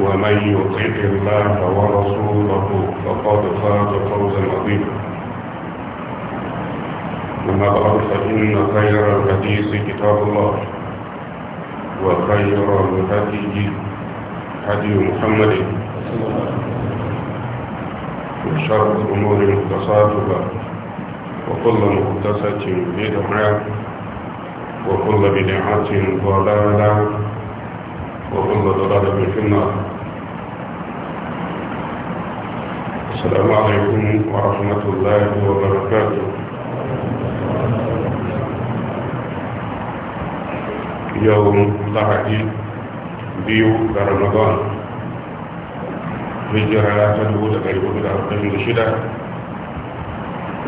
ومن يطع الله ورسوله فقد فاز فوزا عظيما وما بعد فإن خير الحديث كتاب الله وخير الهدي هدي محمد وشر الأمور مختصاتها وكل مختصة بدعة وكل بدعة ضلالة وكل ضلالة في النار السلام عليكم ورحمة الله وبركاته يوم لحدي بيو رمضان هجرة تدعو لغير وبدأ أربعين شدة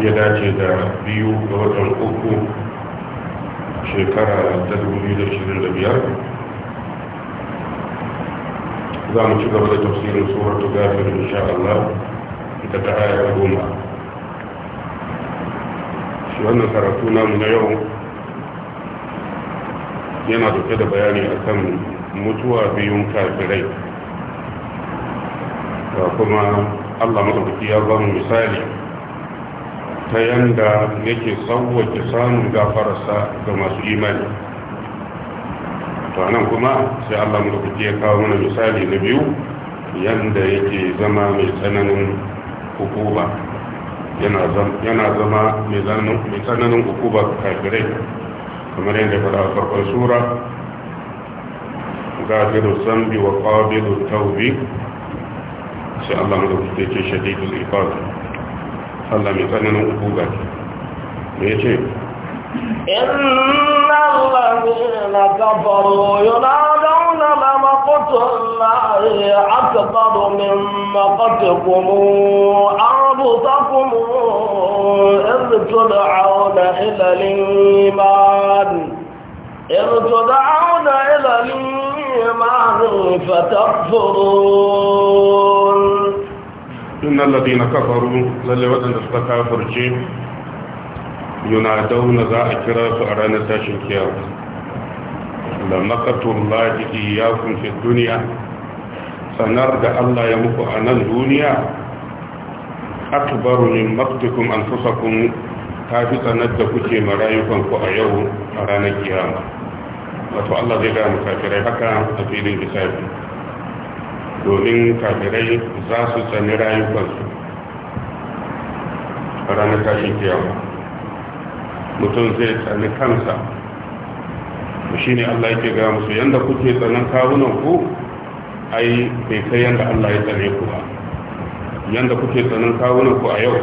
يداتي دا بيو وطن أكو شكرا تدعو لغير 25 za mu ci gaba da tafsirin suratul ghafir insha Allah ita ta aya goma shi wannan karatu namu na yau yana dauke da bayani akan mutuwa biyun kafirai da kuma Allah madaukaki ya ba mu misali ta yanda yake ke samun gafararsa ga masu imani to anan kuma sai Allah mu dauki ya kawo mana misali na biyu yanda yake zama mai tsananin hukuma yana zama mai tsananin hukuma kafirai kamar yadda fara a farkon sura gafiru zambi wa qabilu tawbi sai Allah mu dauki yake shadidul iqab Allah mai tsananin hukuma ne yace إن الذين كفروا ينادون لمقت الله أكبر من مقتكم أنفسكم إذ تدعون إلى الإيمان إذ تدعون إلى الإيمان فتكفرون إن الذين كفروا للي ودن استكافر جيم yunadauna za a kira su a ranar tashin kiyama da makatun lajiɗi ya kunshi duniya sanar da Allah ya muku a nan duniya akbaru min maktukum an fusakun ta fi sanar da kuke marayukanku a yau a ranar kiyawa. wato Allah zai gaya kafirai haka a filin isafi domin kafirai za su tsani rayukansu a ranar tashin kiyawa. mutum zai tsani kansa shi ne Allah yake gaya musu yadda kuke tsanin kawunan ku ai bai kai yadda Allah ya tsane ku ba yadda kuke tsanin kawunan ku a yau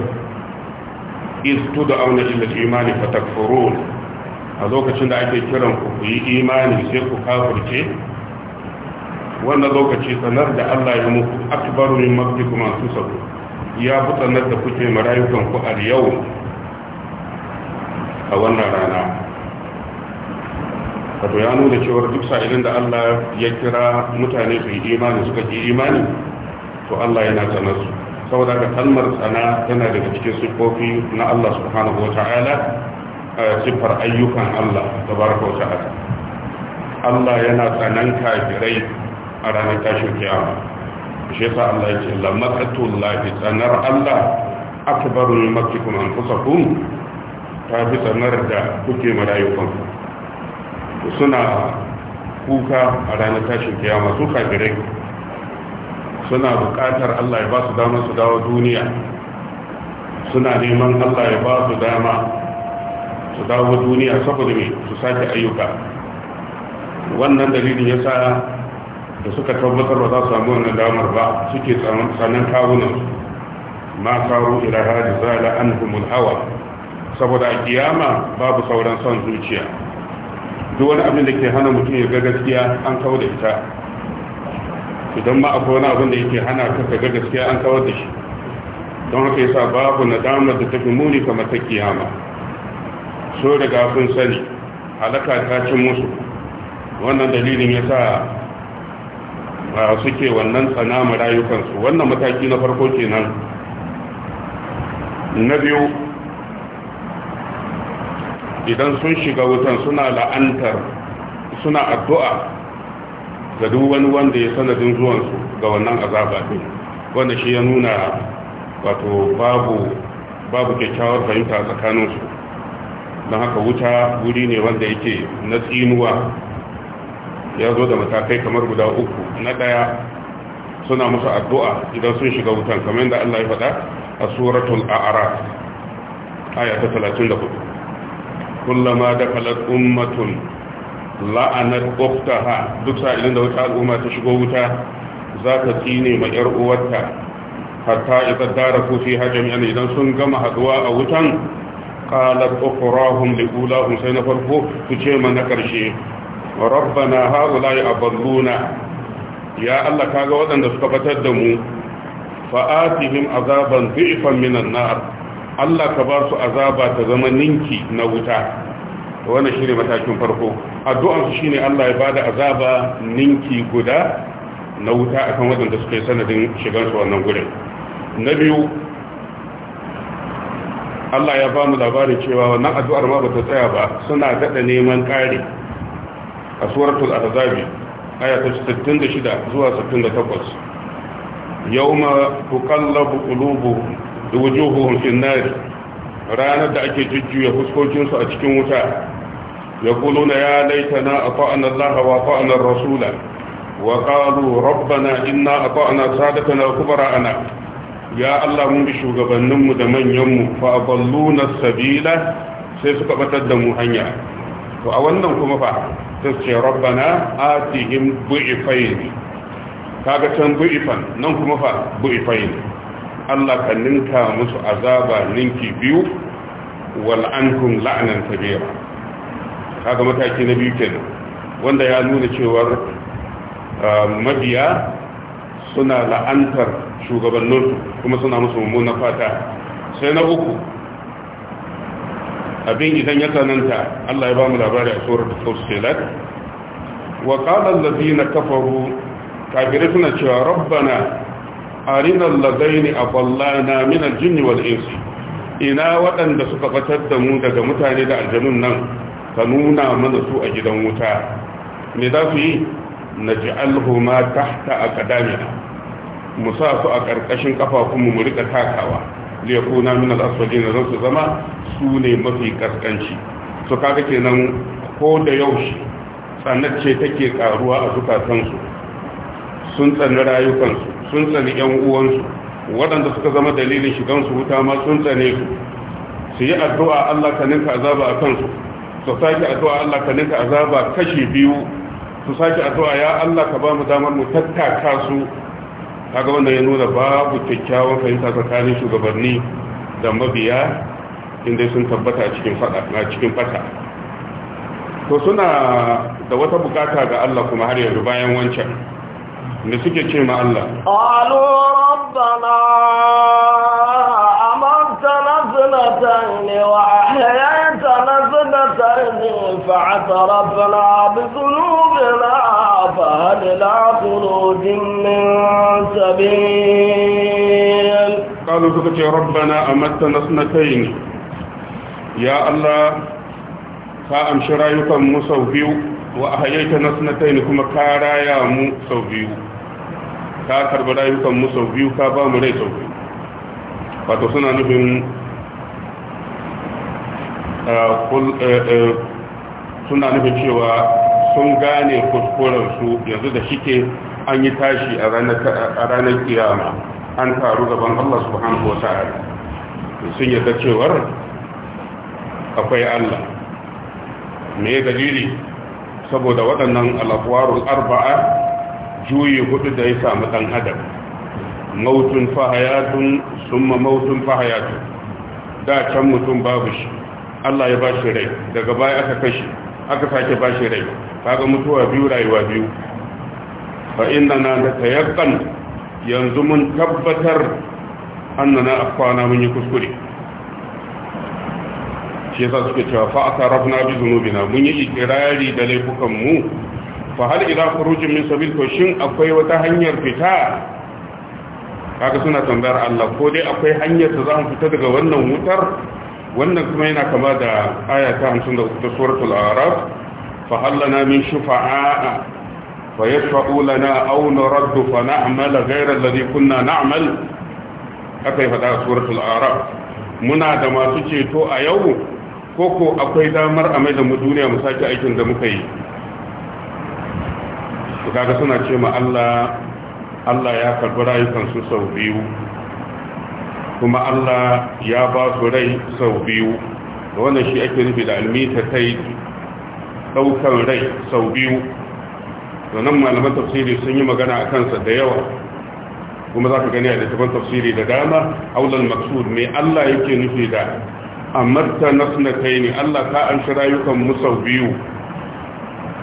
iz da auna ila imani fa takfurun a lokacin da ake kiran ku ku yi imani sai ku kafirce wannan lokaci tsanar da Allah ya muku akbaru min kuma su sabu ya fi tsanar da kuke marayukan ku a yau a wannan rana wato ya nuna cewar duk sa'ilin da Allah ya kira mutane su yi imani suka yi imani to Allah yana sanar su saboda ka kalmar tsana tana daga cikin siffofi na Allah subhanahu wa ta'ala eh, siffar ayyukan Allah tabaraka wa ta'ala Allah yana tsanan kafirai a ranar tashin kiyama shi yasa Allah ya ce la maqatul tsanar Allah akbaru min maqtikum anfusakum ta fi tsanar da kuke marayukansu suna kuka a ranar tashin kiyama su kafirai suna bukatar Allah ya ba su dama su dawo duniya suna neman Allah ya ba su dama su dawo duniya saboda mai su sake ayyuka wannan dalilin ya sa da suka tabbatar ba za su samu wannan damar ba suke tsanan kawunan ma karu ila hadi zala anhumul hawa saboda a kiyama babu sauran son zuciya duk wani abin da ke hana mutum ya ga gaskiya an kawo da ita idan ma akwai wani abin da yake hana ka ga gaskiya an kawar da shi don haka yasa babu nadamar da tafi muni kamar ta kiyama so daga kun sani halaka ta cin musu wannan dalilin yasa ba suke wannan tsanama rayukansu wannan mataki na farko kenan na biyu idan sun shiga wutan suna la'antar suna addu'a ga duk wani wanda ya sanadin zuwansu ga wannan azaba din wanda shi ya nuna wato babu babu kyakkyawar fahimta tsakaninsu don haka wuta wuri ne wanda yake na tsinuwa ya zo da matakai kamar guda uku na ɗaya suna musu addu'a idan sun shiga wutan kamar yadda Allah ya faɗa a suratul a'ara aya ta 34 kullama dakhalat ummatun la'anat ukhtaha duk sa'ilin da wata al'umma ta shigo wuta za ta tsine ma yar uwarta hatta idan daraku fi hajami'an idan sun gama haduwa a wutan qalat ukhrahum li sai na farko ku ce ma na karshe rabbana haula'i aballuna ya Allah kaga waɗanda suka batar da mu fa'atihim azaban dhi'fan minan nar Allah ka ba su azaba ta zama ninki na wuta wannan shine matakin farko addu'a su shine Allah ya bada azaba ninki guda na wuta akan waɗanda suka yi sanadin shigar su wannan gurin na biyu Allah ya ba mu labarin cewa wannan addu'ar ma bata tsaya ba suna daɗa neman kare a suratul azabi aya ta 66 zuwa 68 yawma tuqallabu qulubuhum wujuhuhum fi nar ranar da ake jujjuya fuskokin su a cikin wuta yaquluna ya laitana ata'na Allah wa ata'na ar-rasula wa qalu rabbana inna ata'na sadatana kubara'ana ya Allah mun bi shugabanninmu da manyanmu fa adalluna sabila sai suka batar da mu hanya to a wannan kuma fa sai ce rabbana atihim bu'ifayn kaga can bu'ifan nan kuma fa bu'ifayn Allah ka ninka musu azaba ninki biyu wal ankum la'nan kabira kaga mataki na biyu kenan wanda ya nuna cewar ah, mabiya suna la'antar shugabanninsu kuma suna musu mummunan fata sai na uku abin idan ya tsananta Allah ya ba mu labari a tsoron da tausilat wa qala na kafaru kafirai suna cewa rabbana arinan ladaini a ballana minan jini wal ina waɗanda suka batar da mu daga mutane da aljanun nan ka nuna mana a gidan wuta me za su yi na ji alhuma tahta a kadamina mu sa su a ƙarƙashin ƙafafunmu mu rika takawa zai kuna minan zan su zama su ne mafi ƙasƙanci su kaga kenan ko da yaushe tsanacce take ƙaruwa a zukatansu sun tsani rayukansu sun tsani yan uwansu waɗanda suka zama dalilin su wuta ma sun tsane su su yi addu'a Allah ka ninka azaba a kansu su sake addu'a Allah ka ninka azaba kashi biyu su sake addu'a ya Allah ka ba mu damar mu tattaka su kaga wanda ya nuna babu kyakkyawan fahimta tsakanin shugabanni da mabiya inda sun tabbata cikin fada cikin fata to suna da wata bukata ga Allah kuma har yanzu bayan wancan me suke ce ma Allah qalu rabbana amartana sanatan wa ahyaytana sanatan fa atarafna bi dhunubina fa hal la khurujin min sabil qalu suka ce rabbana amartana sanatan ya Allah ka amshi rayukan mu sau biyu wa ahyaitana sanatan kuma ka raya mu sau biyu ka karbi rayukan mu sau biyu ka ba mu rai sau biyu wato suna nufin eh, eh, eh, suna nufin cewa sun gane su yanzu da shike an yi tashi a ranar kiyama an taru gaban Allah hannu wa sun yadda cewar akwai Allah me dalili saboda waɗannan alaƙwarun arba'a juyi hudu da ya samu dan adam mautun fahayatun summa mautun fahayatun da can mutum babu shi Allah ya bashi rai daga baya aka kashi aka sake bashi rai kaga mutuwa biyu rayuwa biyu fa innana natayaqan yanzu mun tabbatar annana afkwana mun yi kuskure shi yasa suke cewa fa aka rafna bi zunubina mun yi ikirari da laifukan mu fa hal ila khurujin min sabil to shin akwai wata hanyar fita kaga suna tambayar Allah ko dai akwai hanyar da za mu fita daga wannan wutar wannan kuma yana kama da aya ta 53 ta suratul a'raf fa hal lana min shufa'a fa yashfa'u lana aw nurad fa na'mal ghayra alladhi kunna na'mal akai fada suratul a'raf muna da masu ceto a yau Ko ko akwai damar a mai da mu duniya mu sake aikin da muka yi kaga suna ce ma Allah Allah ya karbi rayukansu sau biyu kuma Allah ya ba su rai sau biyu da wannan shi ake nufi da almita ta yi ɗaukan rai sau biyu nan malaman tafsiri sun yi magana a kansa da yawa kuma za ka gani a littafin tafsiri da dama aulal maksud mai Allah yake nufi da na nasnatai ne Allah ka an shi rayukan mu sau biyu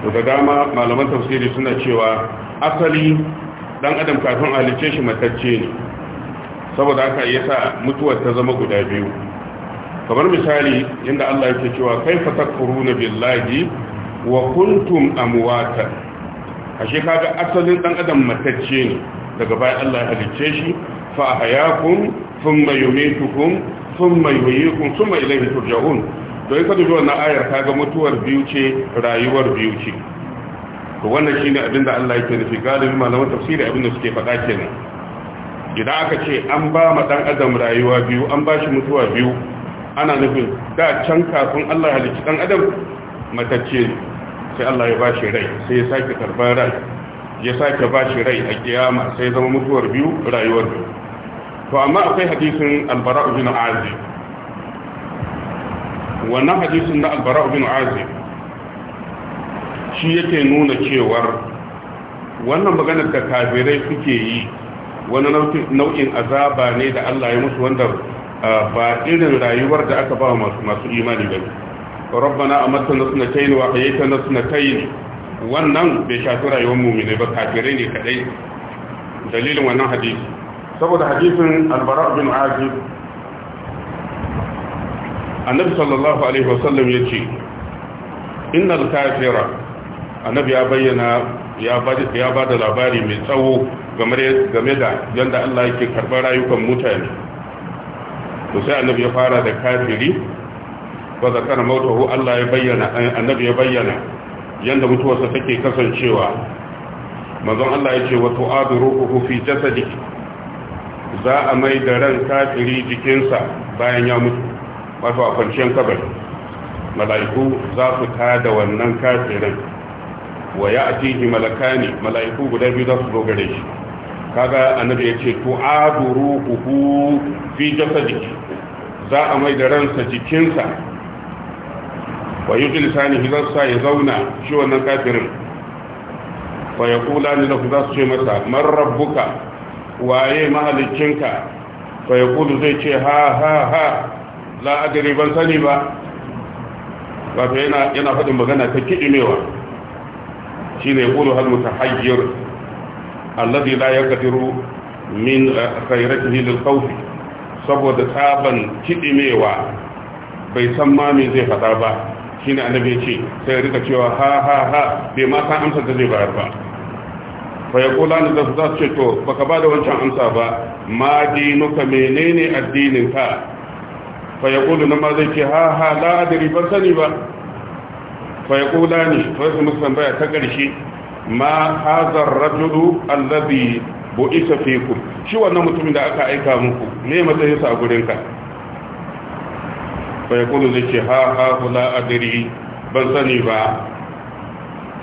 daga dama malaman tafsiri suna cewa asali dan adam kafin halice shi matacce ne saboda haka sa mutuwar ta zama guda biyu kamar misali inda Allah yake cewa kaifa takfuruna billahi wa kuntum amwata ashe kaga asalin dan adam matacce ne daga bayan Allah ya halice shi fa ahyakum thumma yumitukum thumma yuhyikum thumma ilayhi turja'un don ka zuwa na ayar ka ga mutuwar biyu ce rayuwar biyu ce to wannan shine abin da Allah yake nufi galibin malaman tafsiri abin da suke faɗa kenan idan aka ce an ba ma dan adam rayuwa biyu an ba shi mutuwa biyu ana nufin da can kafin Allah halicci dan adam matacce sai Allah ya ba shi rai sai ya sake karban rai ya sake ba shi rai a kiyama sai zama mutuwar biyu rayuwar biyu to amma akwai hadisin albara bin azib wannan hadisin na albara bin azib shi yake nuna cewar wannan maganar da kafirai suke yi wani nau'in azaba ne da Allah ya musu wanda ah, ba irin rayuwar da aka ba masu masu imani ba rabbana amatna sunatayn wa hayyatna sunatayn wannan bai shafi rayuwar mu'mini ba kafirai ne kadai dalilin wannan hadisi saboda hadisin albara bin azib annabi sallallahu alaihi wasallam ya ce innal kafira annabi ya bayyana ya ba da labari mai tsawo game da yadda Allah yake karɓar rayukan mutane to sai annabi ya fara da kafiri ba zakar mautahu Allah ya bayyana annabi ya bayyana yadda mutuwarsa take kasancewa mazan Allah ya ce wa tu'adu ruhu fi jasadi za a mai da ran kafiri jikinsa bayan ya mutu wato a kwanciyar kabari mala'iku za su da wannan kafirin wa ya malaka ne? mala'iku guda biyu za su zo gare shi kaga annabi ya ce to aduru ruhu fi jiki za a mai da ransa jikinsa wa za su hizarsa ya zauna shi wannan kafirin wa ya kula ne za su ce masa man waye mahalicinka fa kudu zai ce ha ha ha la adri ban sani ba wato yana yana faɗin magana ta kiɗimewa shine yaqulu hal mutahayyir alladhi la yaqdiru min eh, khayratihi lil khawf saboda tsaban kiɗimewa bai san ma me zai faɗa ba shine annabi ya ce sai ya rika cewa ha ha ha bai ma san amsa da zai bayar ba fayakulani da su za su ce to baka ba da wancan amsa ba ma dinuka menene ka? fa yaqulu nan ma zai ce ha ha la adri ban sani ba fa ne ni fa yasu musu tambaya ta ƙarshe ma hadha ar-rajulu alladhi bu'isa fikum shi wannan mutumin da aka aika muku me matsayin sa a gurin ka fa yaqulu zai ce ha ha la adri ban sani ba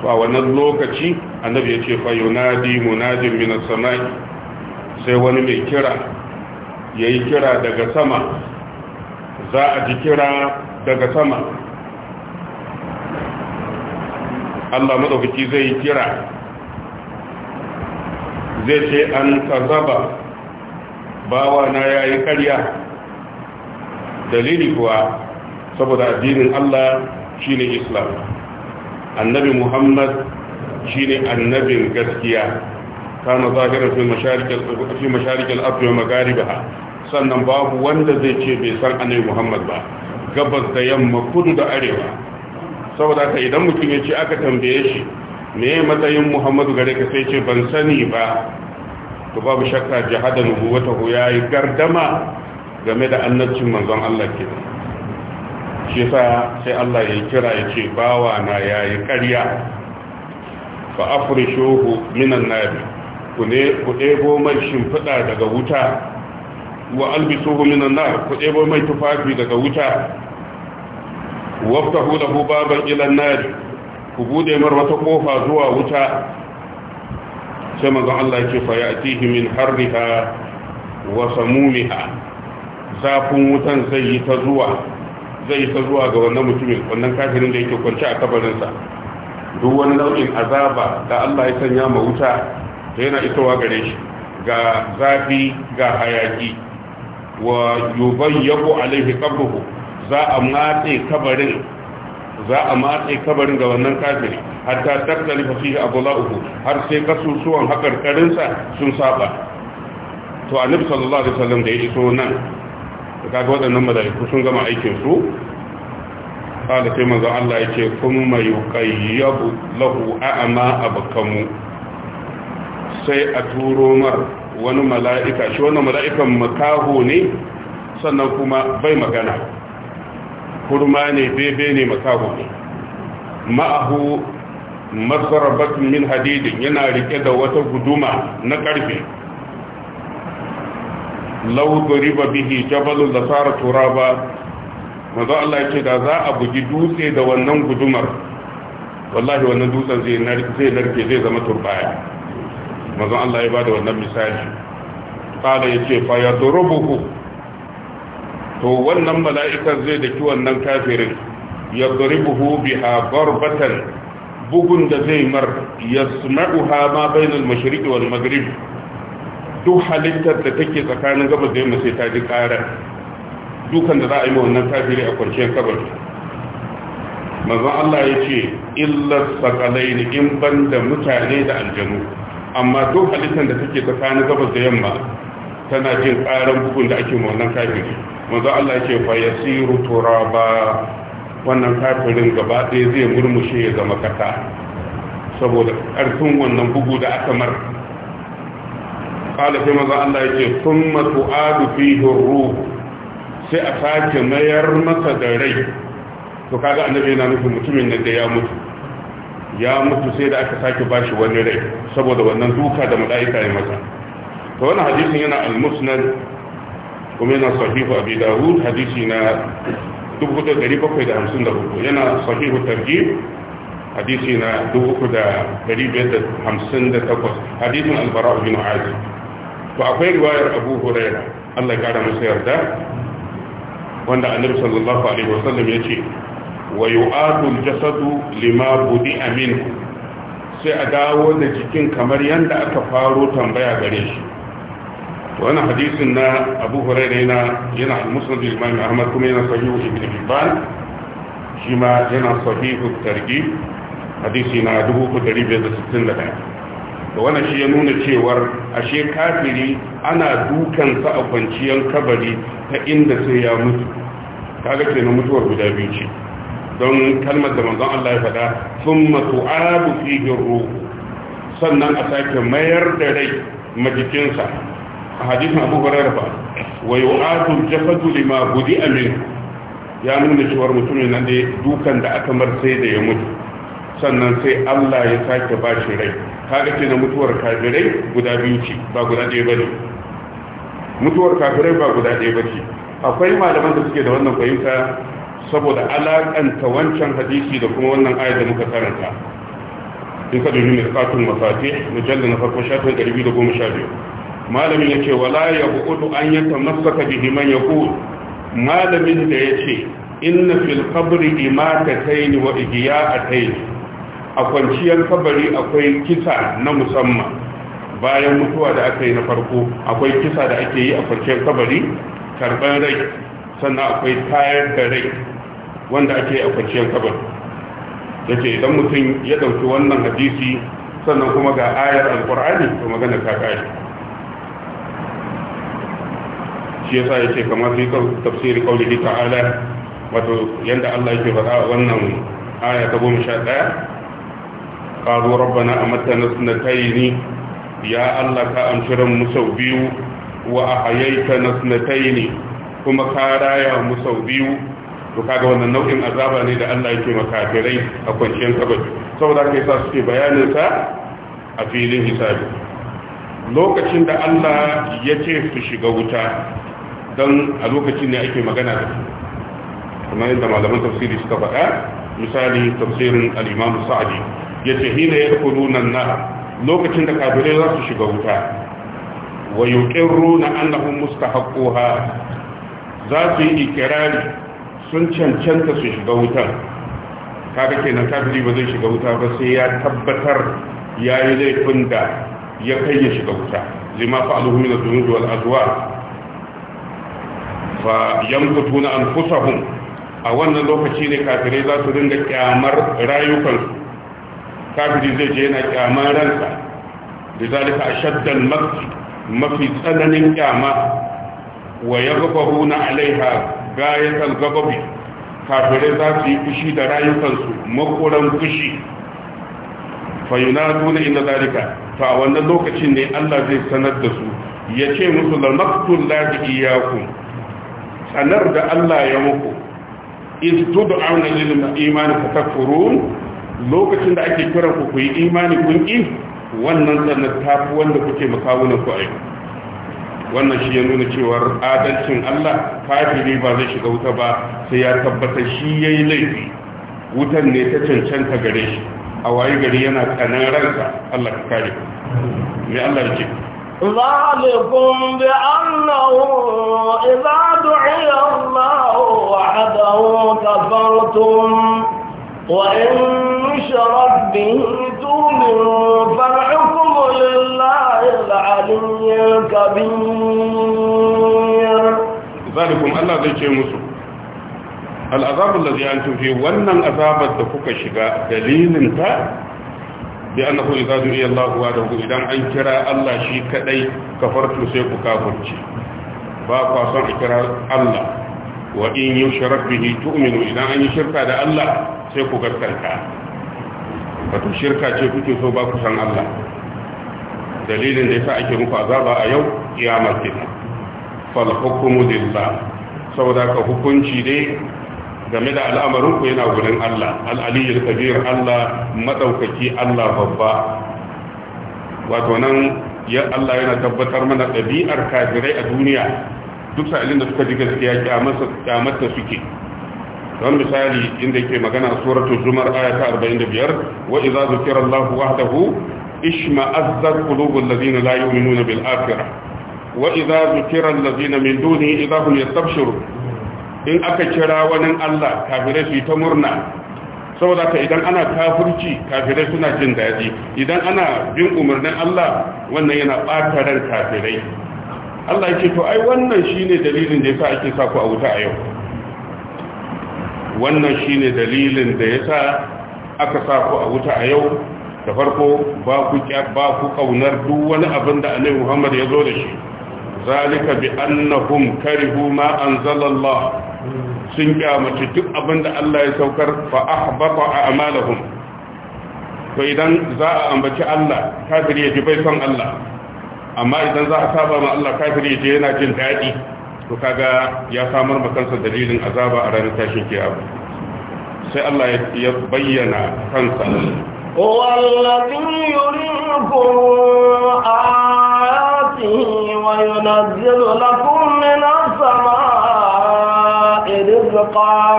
to a wannan lokaci annabi ya ce fa yunadi munadin min as-sama'i sai wani mai kira ya yi kira daga sama za a ji kira daga sama Allah maɗaukaki zai yi kira zai ce an kazaba bawa na ya yi karya dalili kuwa saboda addinin Allah shine islam annabi muhammad shine annabin gaskiya كان ظاهرا fi مشارق في مشارق الارض sannan babu wanda zai ce bai san annabi Muhammad ba gabas da yamma kudu da arewa saboda haka idan mutum ya ce aka tambaye shi me matsayin Muhammadu gare ka sai ce ban sani ba to babu shakka jihada ya yi gardama game da annabcin manzon Allah ke shi yasa sai Allah ya kira ya ce bawa na ya yayi ƙarya fa afrishuhu minan nabi ku ne ku ɗebo mai shimfiɗa daga wuta wa albisuhu minan nar ku ɗebo mai tufafi daga wuta waftahu lahu baban ilan nar ku bude mar wata kofa zuwa wuta sai manzo Allah yake fa ya'tihi min harriha wa samumiha zafin wutan zai yi ta zuwa zai ta zuwa ga wannan mutumin wannan kafirin da yake kwance a kabarinsa duk wani nau'in azaba da Allah ya sanya ma wuta da yana itowa gare shi ga zafi ga hayaki wa yubayyabu alaihi qabruhu za a matse kabarin za a matse kabarin ga wannan kafiri hatta tattalifa fihi abulahu har sai kasusuwan hakarkarin sa sun saba to annabi sallallahu alaihi wasallam da ya iso nan kaga waɗannan malaiku sun gama aikin su kala sai manzo Allah yake kuma yuqayyabu lahu a'ma abkamu sai a turo mar wani mala'ika shi wani mala'ikan makaho ne sannan kuma bai magana kurma ne bebe ne makaho ne ma'ahu masarabatun min hadidin yana rike da wata guduma na ƙarfe laudari Riba bihi jabalun da tsara turaba mazo Allah ce da za a bugi dutse da wannan gudumar wallahi wannan dutsen zai narke zai zama turbaya manzon Allah ya bada wannan misali ya ce fa ya yadrubuhu to wannan mala'ikar zai daki wannan kafirin yadrubuhu biha darbatan bugun da zai mar yasma'uha ma bainal mashriq wal maghrib duk halittar da take tsakanin gabas da yamma sai ta ji karar dukan da za a yi wannan kafiri a kwanciyar kabari manzon Allah ya ce illar sakalai in ban da mutane da aljanu amma duk halittar da take tsakanin gabas da yamma tana jin ƙaran bugun da ake ma wannan kafin, manzo Allah yake fa yasiru turaba wannan kafirin gaba ɗaya zai murmushe ya zama kasa saboda ƙarfin wannan bugu da aka mar qala sai manzo Allah yake thumma tu'adu fihi ruh sai a sake mayar masa da rai to kaga annabi yana nufin mutumin da ya mutu ya mutu sai da aka sake bashi wani rai saboda wannan duka da mala'ika ya masa to wani hadisin yana al-musnad kuma yana sahihu abi dawud hadisi na 4754 yana sahihu tarjib hadisi na 3558 hadisin al-bara bin azib to akwai riwayar abu huraira Allah ya kara masa yarda wanda annabi sallallahu alaihi wasallam ce. wa yu'adul jasadu lima budi'a minhu sai a dawo da jikin kamar yadda aka faro tambaya gare shi Wani hadisin na Abu Hurairah yana yana al-Musnad al-Imam kuma yana sahih Ibn Hibban shi ma yana sahih al hadisi na 3561 da wani shi ya nuna cewar ashe kafiri ana dukan sa a kwanciyar kabari ta inda sai ya mutu kaga kenan mutuwar guda biyu ce don kalmar da manzon Allah ya faɗa sun matu abu fihin ruhu sannan a sake mayar da rai majikinsa a hadisin abu hurairu ba wa yu'atu jafatu lima gudi amin ya nuna cewar mutumin nan ne dukan da aka mar da ya mutu sannan sai Allah ya sake ba shi rai kaga ke na mutuwar kafirai guda biyu ce ba guda ɗaya bane mutuwar kafirai ba guda ɗaya bace akwai malaman da suke da wannan fahimta saboda alaƙanta wancan hadisi da kuma wannan ayat da muka karanta in ka dubi mirqatul mafatih mujallal na farko shafin 212 malamin yace wala yaqudu an yatamassaka bihi man yaqul malamin da yace inna fil qabri imatatain wa ihya'atain a kwanciyar kabari akwai kisa na musamman bayan mutuwa da aka yi na farko akwai kisa da ake yi a kwanciyar kabari karban rai sannan akwai tayar da rai wanda ake a kwanciyar kabar ke idan mutum ya ɗauki wannan hadisi sannan kuma ga ayar Alƙur'ani to magana ta kai shi yasa ce kamar su tafsirin tafsiri qaulihi ta'ala wato yadda Allah ke faɗa wannan aya ta 11 قالوا ربنا أمتنا اثنتين na الله كأمشر Kuma ka raya mu sau biyu. to kaga wannan nau'in azaba ne da Allah yake makafirai a kwanciyar kabari saboda kai sa suke bayanin sa a filin hisabi lokacin da Allah ya ce su shiga wuta don a lokacin ne ake magana da su kuma yadda malaman tafsiri suka faɗa misali tafsirin al-Imam Sa'di yace hina yadkhuluna an-nar lokacin da kafirai za su shiga wuta wa yuqirruna annahum mustahaquha za su yi ikirari sun cancanta su shiga wutar ke na kafiri ba zai shiga wuta ba sai ya tabbatar ya yi laifin da ya kai ya shiga wuta lima fa alhu da adh-dhunubi wal azwa fa na anfusahum a wannan lokaci ne kafirai za su dinga kyamar rayukansu kafiri zai je yana kyamar ransa lidalika ashadda al-maqt mafi tsananin kyama wa na alaiha gayatal gababi kafirai za su yi fushi da rayukansu makoran fushi fayunaduna inda zalika to a wannan lokacin ne Allah zai sanar da su ya ce musu da maktun lafi iyakun sanar da Allah ya muku iz tud'auna imani ka fatakfurun lokacin da ake kiran ku ku yi imani kun in wannan sanar ta wanda kuke makawunan ku aiki wannan shi ya nuna cewar adalcin Allah kafiri ba zai shiga wuta ba sai ya tabbata shi yayi laifi wutan ne ta cancanta gare shi a waye gari yana tsanan ransa Allah ka kare me Allah ya ce ذلكم بأنه إذا دعي الله وحده كفرتم وإن شرك به تؤمنوا فالحكم الله العلي الكبير ذلكم الله زي ce musu al'azabun da zai an tufi wannan azabar da kuka shiga dalilinta bi an nahu iza iya Allah wa da idan an kira Allah shi kadai kafartu sai ku kafurci ba kwa son a kira Allah wa in yi sharaf bihi tu'minu idan an yi shirka da Allah sai ku gaskanta wato shirka ce kuke so ba ku san Allah dalilin da sa ake muku azaba a yau kiyama kenan fal hukmu lillah saboda ka hukunci dai game da al'amarin ku yana gurin Allah al-aliyyul kabir Allah madaukaki Allah babba wato nan ya Allah yana tabbatar mana ɗabi'ar kafirai a duniya duk sa'ilin da suka ji gaskiya kyamarta suke don misali inda yake magana suratu zumar aya ta 45 wa idza zukira Allahu wahdahu اشمأزت قلوب الذين لا يؤمنون بالآخرة وإذا ذكر الذين من دونه إذا هم يستبشرون إن أكترى ونن الله كافرين في تمرنا da ka idan ana kafirci kafirai suna jin daji idan ana bin umarnin Allah wannan yana ɓata ran kafirai Allah yake to ai wannan shine dalilin da yasa ake sa ku a wuta a yau wannan shine dalilin da yasa aka sa ku a wuta a yau da farko ba ku ba ku kaunar duk wani abin da annabi Muhammad ya zo da shi zalika bi annahum karihu ma anzalallah sun kyamaci duk abin da Allah ya saukar fa ahbata a'malahum to idan za a ambaci Allah kafiri ya ji bai son Allah amma idan za a saba ma Allah kafiri ya ji yana jin daɗi to kaga ya samar ma kansa dalilin azaba a ranar tashin kiyama sai Allah ya bayyana kansa هو الذي يريكم آياته وينزل لكم من السماء رزقا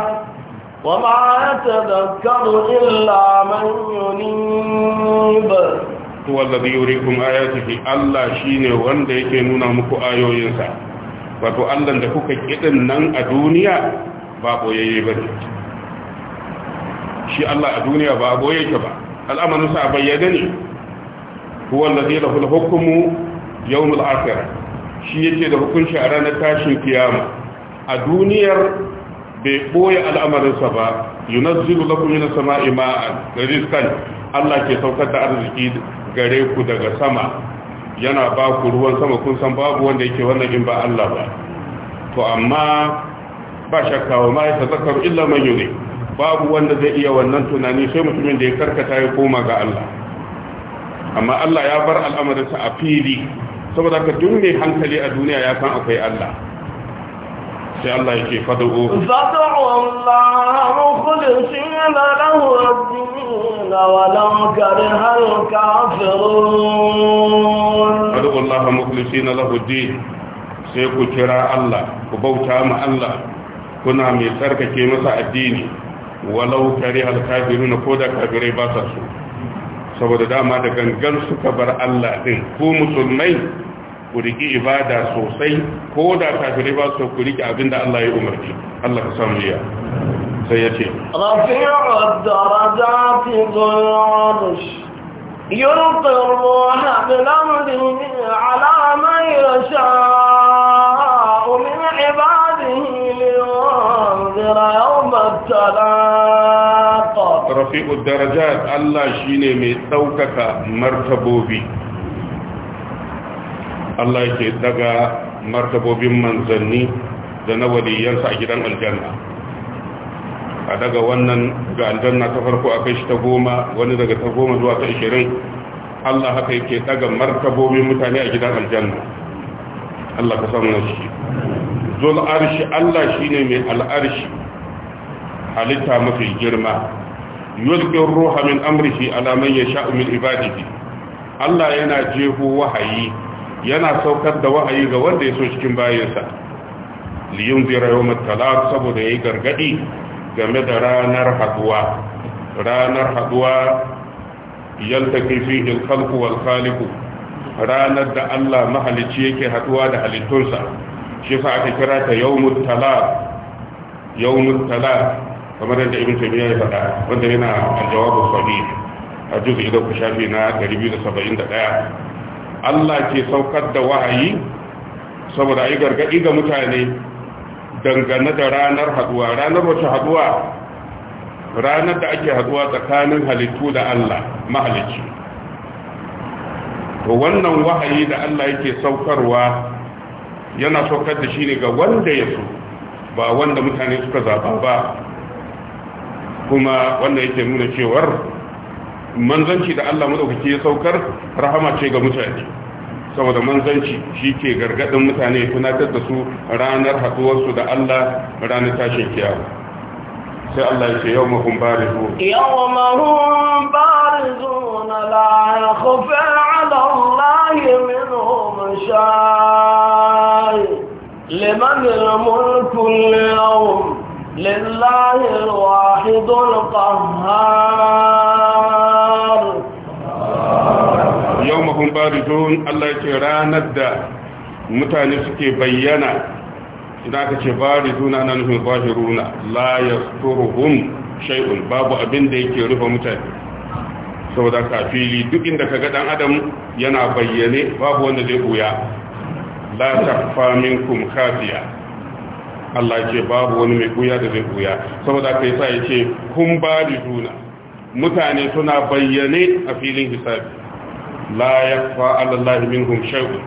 وما يتذكر إلا من ينيب هو الذي يريكم آياته الله مكو آيو ينسى wato Allah da kuka kiɗin nan a duniya ba boye ba shi Allah a duniya ba ka ba al'amarin sa bayyana ne huwa allazi lahu al-hukmu yawm al-akhir shi yake da hukunci a ranar tashin kiyama a duniyar bai boye al'amarin sa ba yunazzilu lakum minas sama'i ma'an rizqan Allah ke saukar da arziki gare ku daga sama yana ba ku ruwan sama kun san babu wanda yake wannan in ba Allah ba to amma ba shakka wa ma yatazakkaru illa man yunib babu wanda zai iya wannan tunani sai mutumin da ya karkata ya koma ga Allah amma Allah ya bar al'amarinsa a fili saboda ka duk mai hankali a duniya ya san akwai Allah sai Allah ya ce fadu'u fadu'u Allah mukhlisin lahu ad wa lam kariha al-kafirun fadu'u Allah mukhlisin lahu din sai ku kira Allah ku bauta ma Allah kuna mai tsarkake masa addini walau kare alkafiruna ko da kafirai ba sa so saboda dama da gangan suka bar Allah din ku musulmai ku riki ibada sosai ko da kafirai ba su ku riki abinda Allah ya umarci Allah ka samu ya sai ya ce rafi'ud darajati dhul 'arsh يلقي الروح بالأمره على من يشاء من عباده لينذر يوم التلاق rafi'ud darajat Allah shine mai daukaka martabobi Allah yake daga martabobin manzanni da na waliyansa a gidan aljanna a daga wannan ga aljanna ta farko akai shi ta goma wani daga ta goma zuwa ta ishirin Allah haka yake daga martabobin mutane a gidan aljanna Allah ka san na shi zul arshi Allah shine mai al'arshi halitta mafi girma yulqi ruha min amrihi ala man yasha'u min ibadihi Allah yana jeho wahayi yana saukar da wahayi ga wanda ya so cikin bayinsa liyun zira yau talaq saboda ya yi gargadi game da ranar haduwa ranar haduwa yaltaki fihi alkhalqu wal khaliqu ranar da Allah mahalicci yake haduwa da halittunsa shi sa aka kira ta yawmut talaq talaq kamar yadda ibn taymiya ya faɗa wanda yana aljawabu sabi a juz'i da shafi na 271 Allah ke saukar da wahayi saboda ayi gargaɗi ga mutane dangane da ranar haduwa ranar wacce haduwa ranar da ake haduwa tsakanin halittu da Allah mahalicci to wannan wahayi da Allah yake saukarwa yana saukar da shi ne ga wanda ya so ba wanda mutane suka zaba ba kuma wanda yake nuna cewar manzanci da Allah madaukake ya saukar rahama ce ga mutane saboda manzanci shi ke gargadin mutane tunatar da su ranar haduwarsu da Allah ranar tashin kiyama sai Allah ya ce yau mahun zo yau mahun zo na la'ayar kufin alallahi min homashai liman ilmulkun yawon لله الواحد القهار يوم هم باردون الله يكي راند mutane suke bayyana Ina aka ce bariduna ana nufin zahiruna la yasturuhum shay'un babu abin da yake rufe mutane saboda kafili duk inda ka ga ɗan adam yana bayyane babu wanda zai buya la takfa minkum Allah ce babu wani mai buya da zai buya saboda kai sa yace kun juna. mutane suna bayyane a filin hisabi la yakfa ala Allah minhum shay'u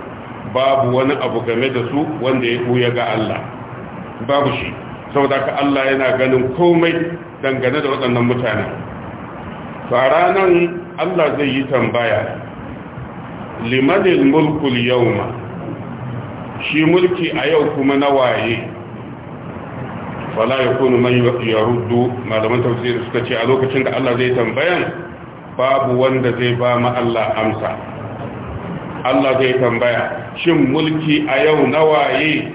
babu wani abu game da su wanda ya buya ga Allah babu shi saboda ka Allah yana ganin komai dangane da waɗannan mutane to a ranan Allah zai yi tambaya limanil al yawma shi mulki a yau kuma na waye wala ya kunu man yaruddu malaman tafsir suka ce a lokacin da Allah zai tambayan babu wanda zai ba ma Allah amsa Allah zai tambaya shin mulki a yau nawaye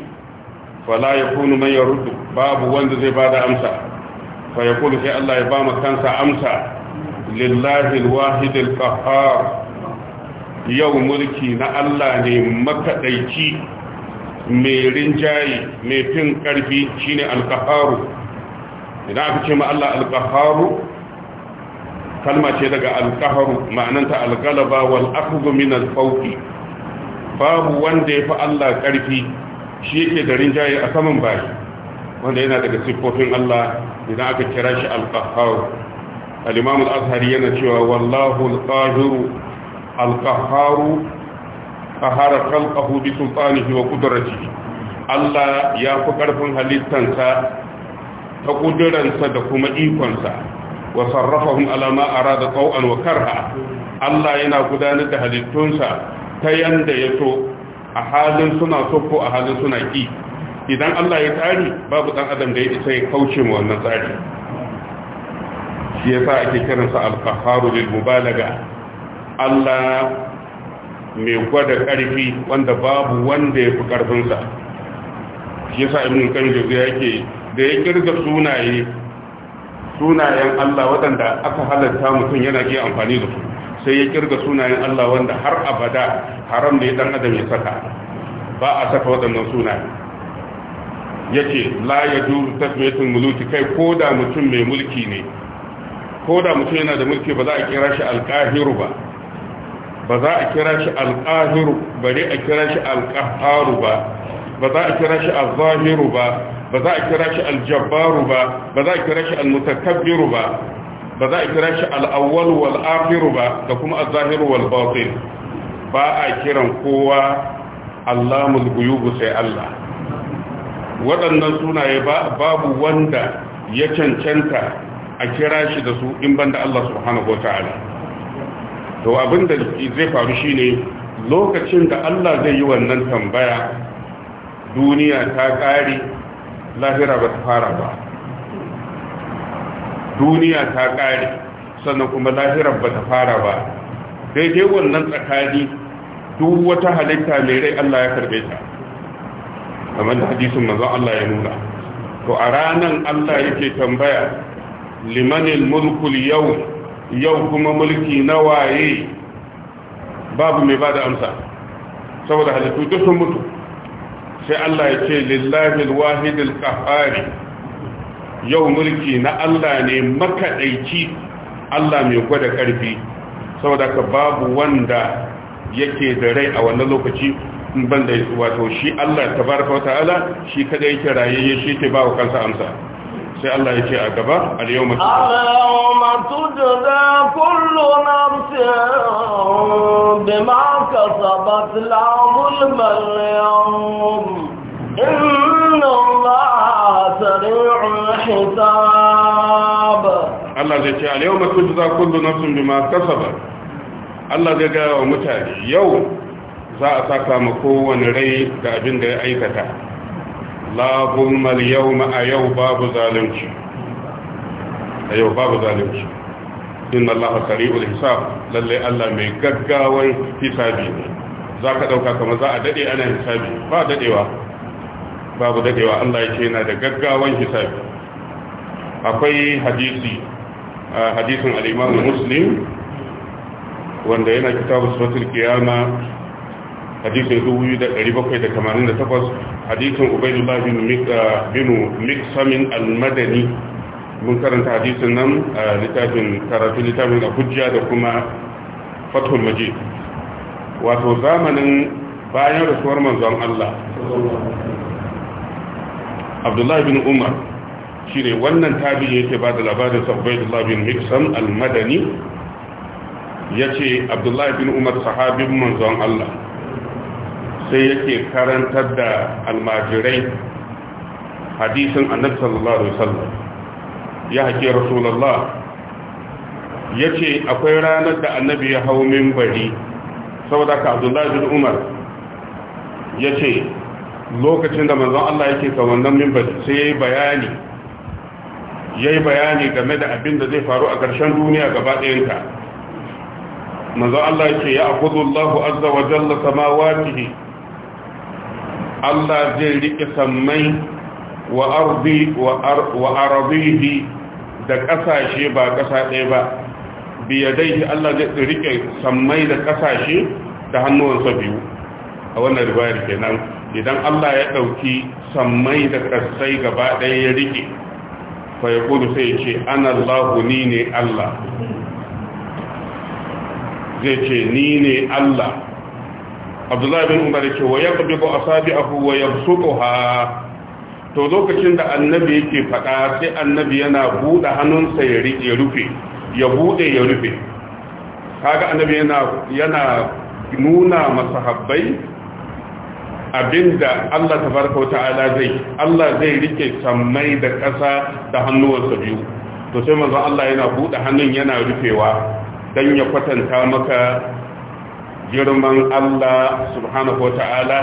wala ya kunu man rudu babu wanda zai ba da amsa fa ya kulu sai Allah ya ba ma kansa amsa lillahi alwahid alqahhar yau mulki na Allah ne makadaici mai rinjaye mai fin karfi shine alkaharu idan aka ce ma Allah alkaharu kalma ce daga alkaharu ma'ananta algalaba wal akhdhu min alfawqi babu wanda yafi Allah karfi shi yake da rinjaye a saman bayi wanda yana daga siffofin Allah idan aka kira shi alkaharu al-imam al-azhari yana cewa wallahu al-qahiru al-qaharu qahara khalqahu bi sultanihi wa qudratihi Allah ya fi karfin halittansa ta kuduransa da kuma ikonsa wa sarrafahum ala ma arada taw'an Allah yana gudanar da halittunsa ta yanda ya so a halin suna so a halin suna ƙi. idan Allah ya tsari babu ɗan adam da ya isa ya kauce mu wannan tsari shi yasa ake kiransa al-qahharu lil mubalaga Allah mai gwada ƙarfi wanda babu wanda ya fi ƙarfinsa shi yasa ibn kanjo yake da ya kirga sunaye sunayen Allah waɗanda aka halatta mutum yana iya amfani da su sai ya kirga sunayen Allah wanda har abada haram ne dan adam ya saka ba a saka waɗannan sunaye yake la yajuzu tasmiyatul muluki kai koda mutum mai mulki ne koda mutum yana da mulki ba za a kira shi alqahiru ba ba za a kira shi alƙahiru bare a kira shi alƙaharu ba ba za a kira shi alzahiru ba ba za a kira shi aljabbaru ba ba za a kira shi almutakabbiru ba ba za a kira shi al'awwal wal akhiru ba da kuma alzahiru wal batin ba a kiran kowa allamul guyubu sai Allah waɗannan sunaye babu wanda ya cancanta a kira shi da su in banda Allah subhanahu wata'ala to abin da zai faru shine lokacin da Allah zai yi wannan tambaya duniya ta ƙare lahira ba ta fara ba duniya ta ƙare sannan kuma lahira ba ta fara ba daidai wannan tsakani duk wata halitta mai rai Allah ya karbe ta kamar hadisin manzon Allah ya nuna to a ranan Allah yake tambaya limanil mulkul yawm yau kuma mulki na waye babu mai ba da amsa saboda halittu duk sun mutu sai Allah ya ce lillahi alwahid alqahari yau mulki na Allah ne makadaici Allah mai gwada karfi saboda ka babu wanda yake da rai a wannan lokaci ban banda wato shi Allah tabaraka wa ta'ala shi kada yake rayayye shi ke bawo kansa amsa sai Allah ya ce a gaba al-yawma al-yawma kullu nafsin bima kasabat la zulma yawm inna Allaha sari'ul hisab Allah zai ce al-yawma tujza kullu nafsin bima kasabat Allah zai ga mutane yau za a saka ma kowane rai da abin da ya aikata Allahumma al-yawma a yau babu zalunci a yau babu zalunci inna Allah sari'ul hisab lalle Allah mai gaggawan hisabi ne zaka dauka kamar za a dade ana hisabi ba dadewa babu dadewa Allah yake yana da gaggawan hisabi akwai hadisi hadisin al-Imam Muslim wanda yana kitabu suratul qiyama hadisin takwas hadisin ubaidullah ah, bin miksamin al-madani mun karanta hadisin nan a ah, littafin karatu littafin a hujja da kuma fathul majid wato zamanin bayan rasuwar manzon Allah abdullahi bin umar shi ne wannan tabi ke ba da labarin sabbaidullah bin miksam al-madani ya ce abdullahi bin umar sahabin manzon Allah sai yake karantar da almajirai hadisin annabi sallallahu alaihi wasallam ya haƙi rasulullah yace akwai ranar da annabi ya hau minbari saboda ka abdullahi bin umar yace lokacin da manzon Allah yake kan wannan minbari sai yayi bayani yayi bayani game da abin da zai faru a ƙarshen duniya gaba ɗayanta manzon Allah yake ya aqulullahu azza wa jalla samawatihi Allah zai riƙe sammai wa ardi wa da ƙasashe ba ƙasa ɗaya ba biyadaihi Allah zai riƙe sammai da ƙasashe da hannuwansa biyu a wannan ribayar kenan idan Allah ya ɗauki sammai da ƙasai gaba ɗaya ya riƙe fa ya kudu sai ce an allahu ni ne Allah zai ce ni ne Allah abdullahi bin umar yake wa asabi abu wa ha? to lokacin da annabi yake faɗa sai annabi yana buɗe hannunsa ya rike rufe ya buɗe ya rufe kaga annabi yana yana nuna masahabbai abinda Allah tabaraka wa ta'ala zai Allah zai rike sammai da ƙasa da hannuwansa biyu to sai manzon Allah yana buɗe hannun yana rufewa dan ya kwatanta maka girman Allah subhanahu wa ta'ala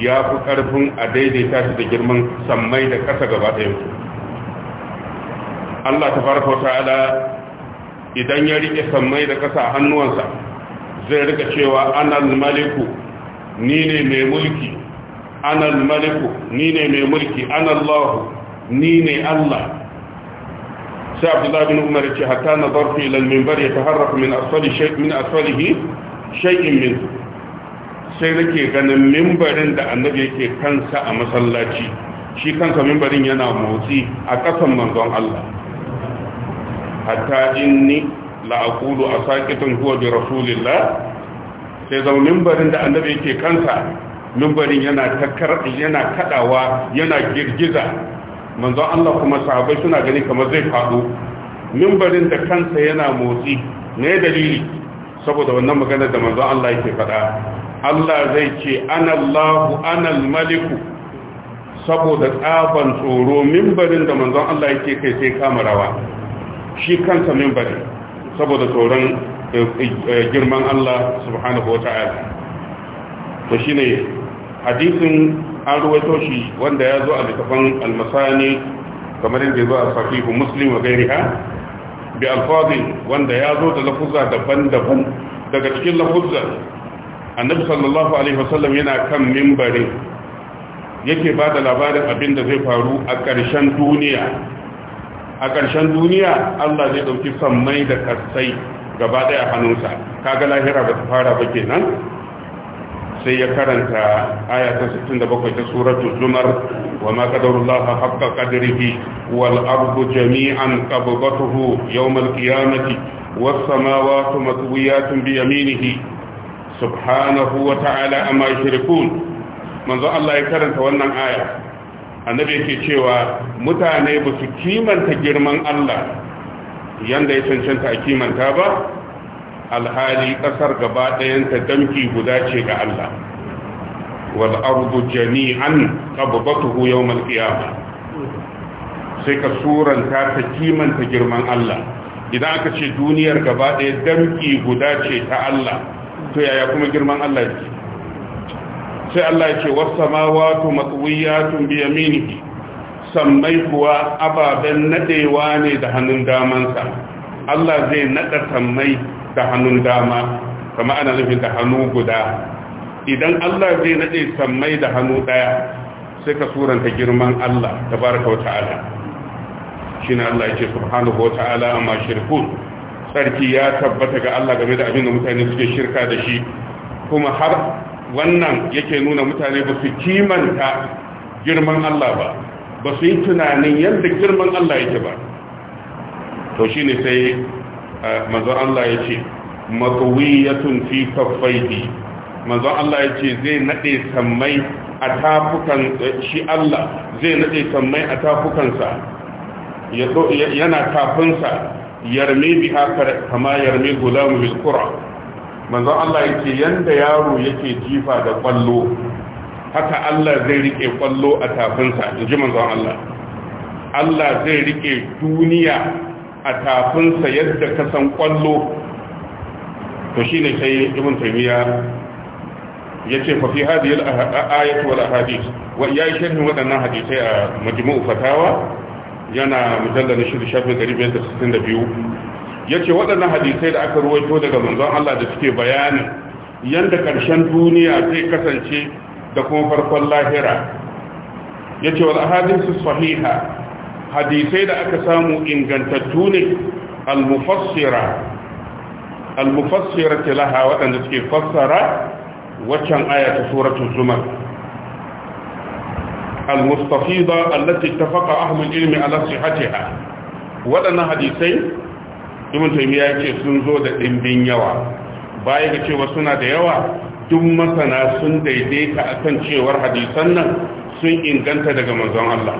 ya fi ƙarfin a daidaita shi da girman sammai da ƙasa gaba ɗaya Allah ta farko ta'ala idan ya riƙe sammai da ƙasa hannuwansa zai riƙa cewa anan maliku ni ne mai mulki Anan maliku ni ne mai mulki anallahu ni ne Allah sai abdullahi bin umar ce hatta na ila al-minbar yataharraku min asfali shay min asfalihi shay'in min sai nake ganin mimbarin da annabi yake kansa a masallaci shi kansa mimbarin yana motsi a ƙasan manzon Allah hatta inni la aqulu asaqitun huwa bi rasulillah sai zama mimbarin da annabi yake kansa mimbarin yana takkar yana kadawa yana girgiza manzon Allah kuma sahabbai suna gani kamar zai faɗo mimbarin da kansa yana motsi ne dalili saboda wannan magana da manzo Allah yake faɗa Allah zai ce anallahu anal maliku saboda tsaban tsoro minbarin da manzo Allah yake kai sai kama rawa shi kansa minbari saboda tsoron eh, eh, girman Allah subhanahu wata'ala to shine hadisin an ruwaito shi wanda ya zo a littafin almasani kamar yadda ya zo a sahihu muslim wa gairiha bi alfadin wanda ya zo da lafuzza daban-daban daga cikin lafuzzar annabi sallallahu alaihi wasallam yana kan mimbari yake ba da labarin abin da zai faru a ƙarshen duniya a duniya Allah zai ɗauki sammai da kasai gaba ɗaya hannunsa kaga lahira ba ta fara ba kenan sai ya karanta aya ta 67 ta suratul zumar wa ma qadarullahu haqqa qadrihi wal ardu jami'an qabdatuhu yawm qiyamati was samawati matwiyatun bi yaminihi subhanahu wa ta'ala amma yushrikun manzo Allah ya karanta wannan aya annabi yake cewa mutane ba su kimanta girman Allah yanda ya cancanta a kimanta ba alhali kasar gaba ɗayanta damki guda ce ga Allah wal ardu jami'an qabdatuhu yawm al sai ka suranta ta kimanta girman Allah idan aka ce duniyar gaba ɗaya damki guda ce ta Allah to yaya kuma girman Allah yake sai Allah ya ce was samawati matwiyatun bi yaminihi sammai kuwa ababen nadewa ne da hannun damansa Allah zai nada sammai da hannun dama kama ana nufin da hannu guda idan Allah zai nade sammai da hannu daya sai ka suranta girman Allah tabaraka wata'ala shine Allah yake subhanahu wata'ala amma shirkun sarki ya tabbata ga Allah game da abin da mutane suke shirka da shi kuma har wannan yake nuna mutane ba su kimanta girman Allah ba ba su yi tunanin yadda girman Allah yake ba to shine sai Eh, manzon Allah ya ce maqwiyatun fi kaffaihi manzon Allah ya ce zai nade sammai a tafukan eh, shi Allah zai nade sammai a tafukansa yana tafinsa yarmi biha kama yarmi gulamu bil qura manzon Allah ya ce yanda yaro yake jifa da kwallo haka Allah zai rike kwallo a tafinsa inji manzon Allah Allah zai rike duniya a tafinsa yadda ka san kwallo to shi ne sai ibn taimiyya. ya ce fa fi hadhihi al wal ahadith wa ya yi sharhin waɗannan hadisai a majmu'u fatawa yana mujallal na shirin shafin gari biyar da da sittin biyu. ya ce waɗannan hadisai da aka ruwaito daga manzon Allah da suke bayani. yadda ƙarshen duniya zai kasance da kuma farkon lahira ya ce wal ahadithu sahiha hadisai da aka samu ingantattu ne al-mufassira al-mufassira tilaha waɗanda suke fassara waccan aya ta suratul zumar al-mustafida allati ittafaqa ahlul ilmi ala sihhatiha waɗannan hadisai ibn taymiya yake sun zo da dimbin yawa baya ga cewa suna da yawa duk masana sun daidaita akan cewar hadisan nan sun inganta daga manzon Allah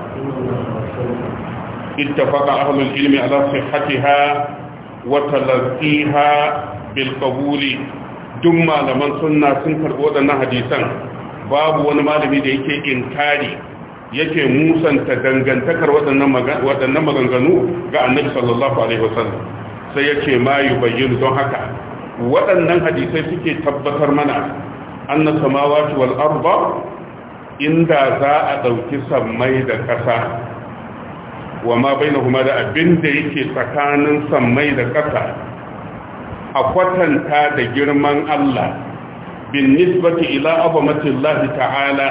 اتفق أهل العلم على صحتها وتلقيها بالقبول دم لمن سنة سنكر ودنا حديثا باب ونمالمي دي يكي إنكاري yake musanta dangantakar waɗannan maganganu ga annabi sallallahu alaihi wasallam sai yake ma yubayyin don haka waɗannan hadisai suke tabbatar mana anna samawati wal arda inda za a ɗauki sammai da ƙasa wa ma bainahuma da abin da yake tsakanin sammai da ƙasa a kwatanta da girman Allah bin nisbati ila azamatillahi ta'ala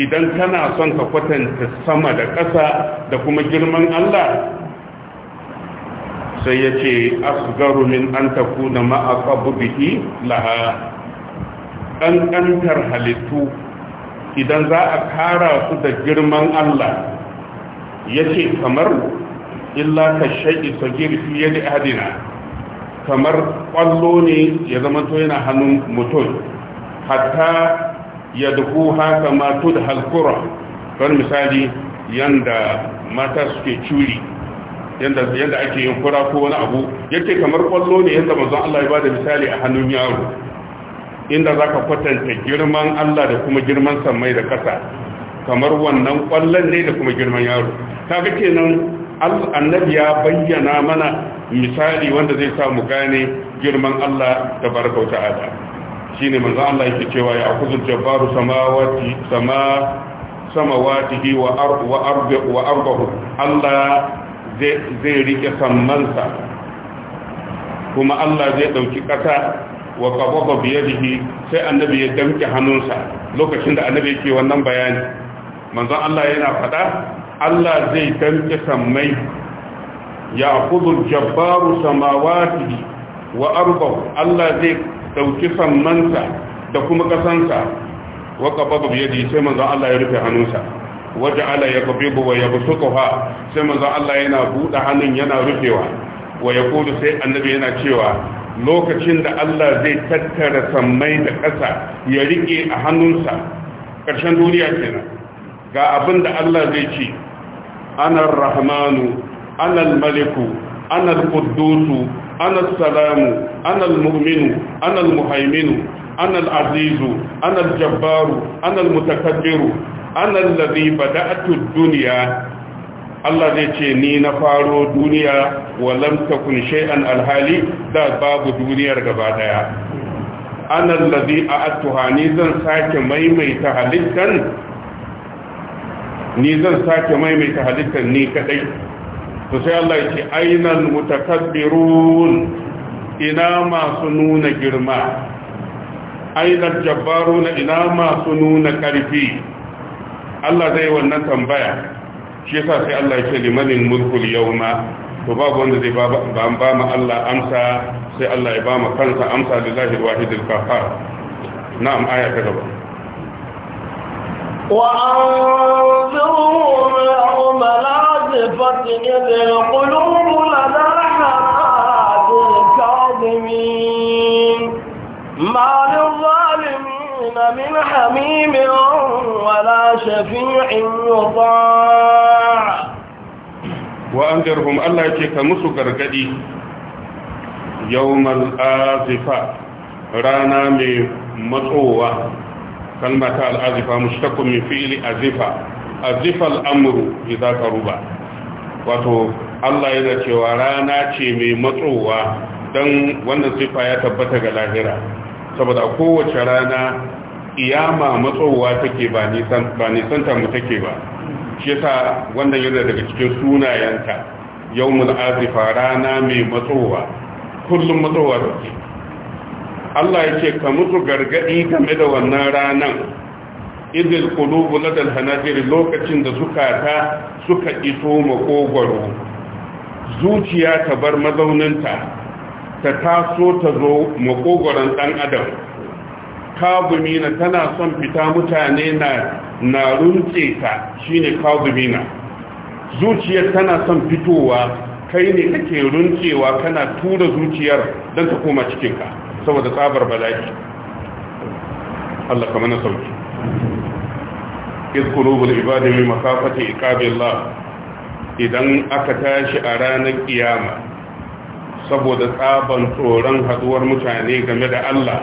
idan kana son ka kwatanta sama da ƙasa da kuma girman Allah sai yace asgaru min an takuna ma'a qabdihi laha ƙanƙantar halittu idan za a kara su da girman Allah yace kamar illa ka shay'i sagir fi yadi adina kamar kwallo ne ya zama to yana hannun mutum hatta ya duku haka matu da halkura don misali yanda mata suke curi yadda ake yin kura ko wani abu yake kamar ƙwallo ne yadda mazan Allah ya ba da misali a hannun yaro inda za ka kwatanta girman Allah da kuma girman samai da ƙasa kamar wannan kwallon ne da kuma girman yaro ga kenan annabi ya bayyana mana misali wanda zai sa mu gane girman Allah tabaraka ta'ala shine manzo Allah yake cewa ya kuzu jabbaru samawati sama wa ardu wa ardu wa ardu Allah zai rike sammansa kuma Allah zai ɗauki kasa wa qabada biyadihi sai annabi ya damke hannunsa lokacin da annabi yake wannan bayani manzon Allah yana faɗa Allah zai danke sammai ya kudu jabbaru samawati wa ardahu Allah zai dauki sammansa da kuma ƙasansa wa qabada bi yadi sai manzon Allah ya rufe hannunsa Wajen ala ya qabidu wa yabsutuha sai manzon Allah yana buɗe hannun yana rufewa wa kudu sai annabi yana cewa lokacin da Allah zai tattara sammai da ƙasa ya riƙe a hannunsa ƙarshen duniya kenan ga abin da Allah zai ce anar rahmanu anar maliku anar kuddusu anar salamu anar mu'minu anar muhaiminu anar azizu anar jabbaru anar mutakabbiru anar ladhi bada'atu duniya. Allah zai ce ni na faro duniya wa lam takun shay'an alhali da babu duniyar gaba daya ana allazi a'atuha ni zan sake maimaita halittan ni zan sake maimaita halittar ni kadai to sai Allah ya ce ainal mutakabbirun ina masu nuna girma ainal jabbaruna ina masu nuna karfi Allah zai wannan tambaya shi yasa sai Allah ya ce limanin mulkul yawma to babu wanda zai ba ba ma Allah amsa sai Allah ya ba ma kansa amsa lillahi alwahidil qahhar na'am aya ta gaba وأنذرهم يوم العزفة إذ القلوب لدى الحناجر كاظمين ما للظالمين من حميم ولا شفيع يطاع وأنذرهم الله يكيك مسكر كدي يوم الآزفة رانا من matsowa kalma ta al'azifa mushtaqqun min fi'li azifa azifa al'amru idza qaruba wato Allah yana cewa rana ce mai matsowa dan wannan sifa ya tabbata ga lahira saboda kowace rana iyama matsowa take ba nisan ta mu take ba shi yasa wannan yana daga cikin sunayenta yawmul azifa rana mai matsowa kullum matsowa take Allah yake ka mutu gargadi game da wannan ranan idil qulubu ladal hanajir lokacin da zukata suka iso makogwaro zuciya ta bar mazauninta ta taso ta zo makogwaron dan adam kabumina tana son fita mutane na na runce ta shine kabumina zuciyar tana son fitowa kai ne kake runcewa kana tura zuciyar don ta koma cikinka saboda tsabar bala'i Allah ka mana sauki iz qulubul ibadi min makafati iqabillah idan aka tashi a ranar kiyama saboda tsaban tsoron haduwar mutane game da Allah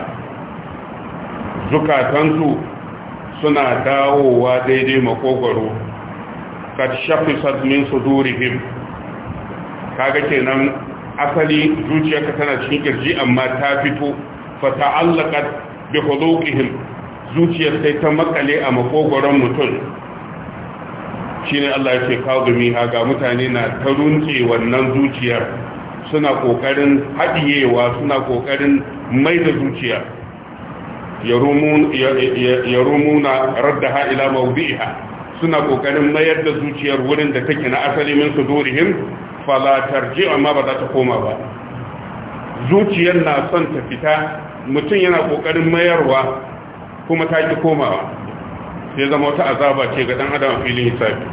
zukatansu suna dawowa daidai makogwaro kad shafisat min sudurihim kaga kenan asali zuciyarka tana cikin kirji amma ta fito fa ta'allaqat bi khuluqihim zuciyar sai ta makale a makogoron mutum shine Allah ya ce miha, ga mutane na ta runce wannan zuciyar suna kokarin hadiyewa suna kokarin mai da zuciya yarumuna raddaha ila mawdiha suna kokarin mayar da zuciyar wurin da take na asali min sudurihim fala tarji amma ba za ta koma ba zuciyar na son ta fita mutum yana kokarin mayarwa kuma ta ki komawa sai zama wata azaba ce ga dan adam filin hisabi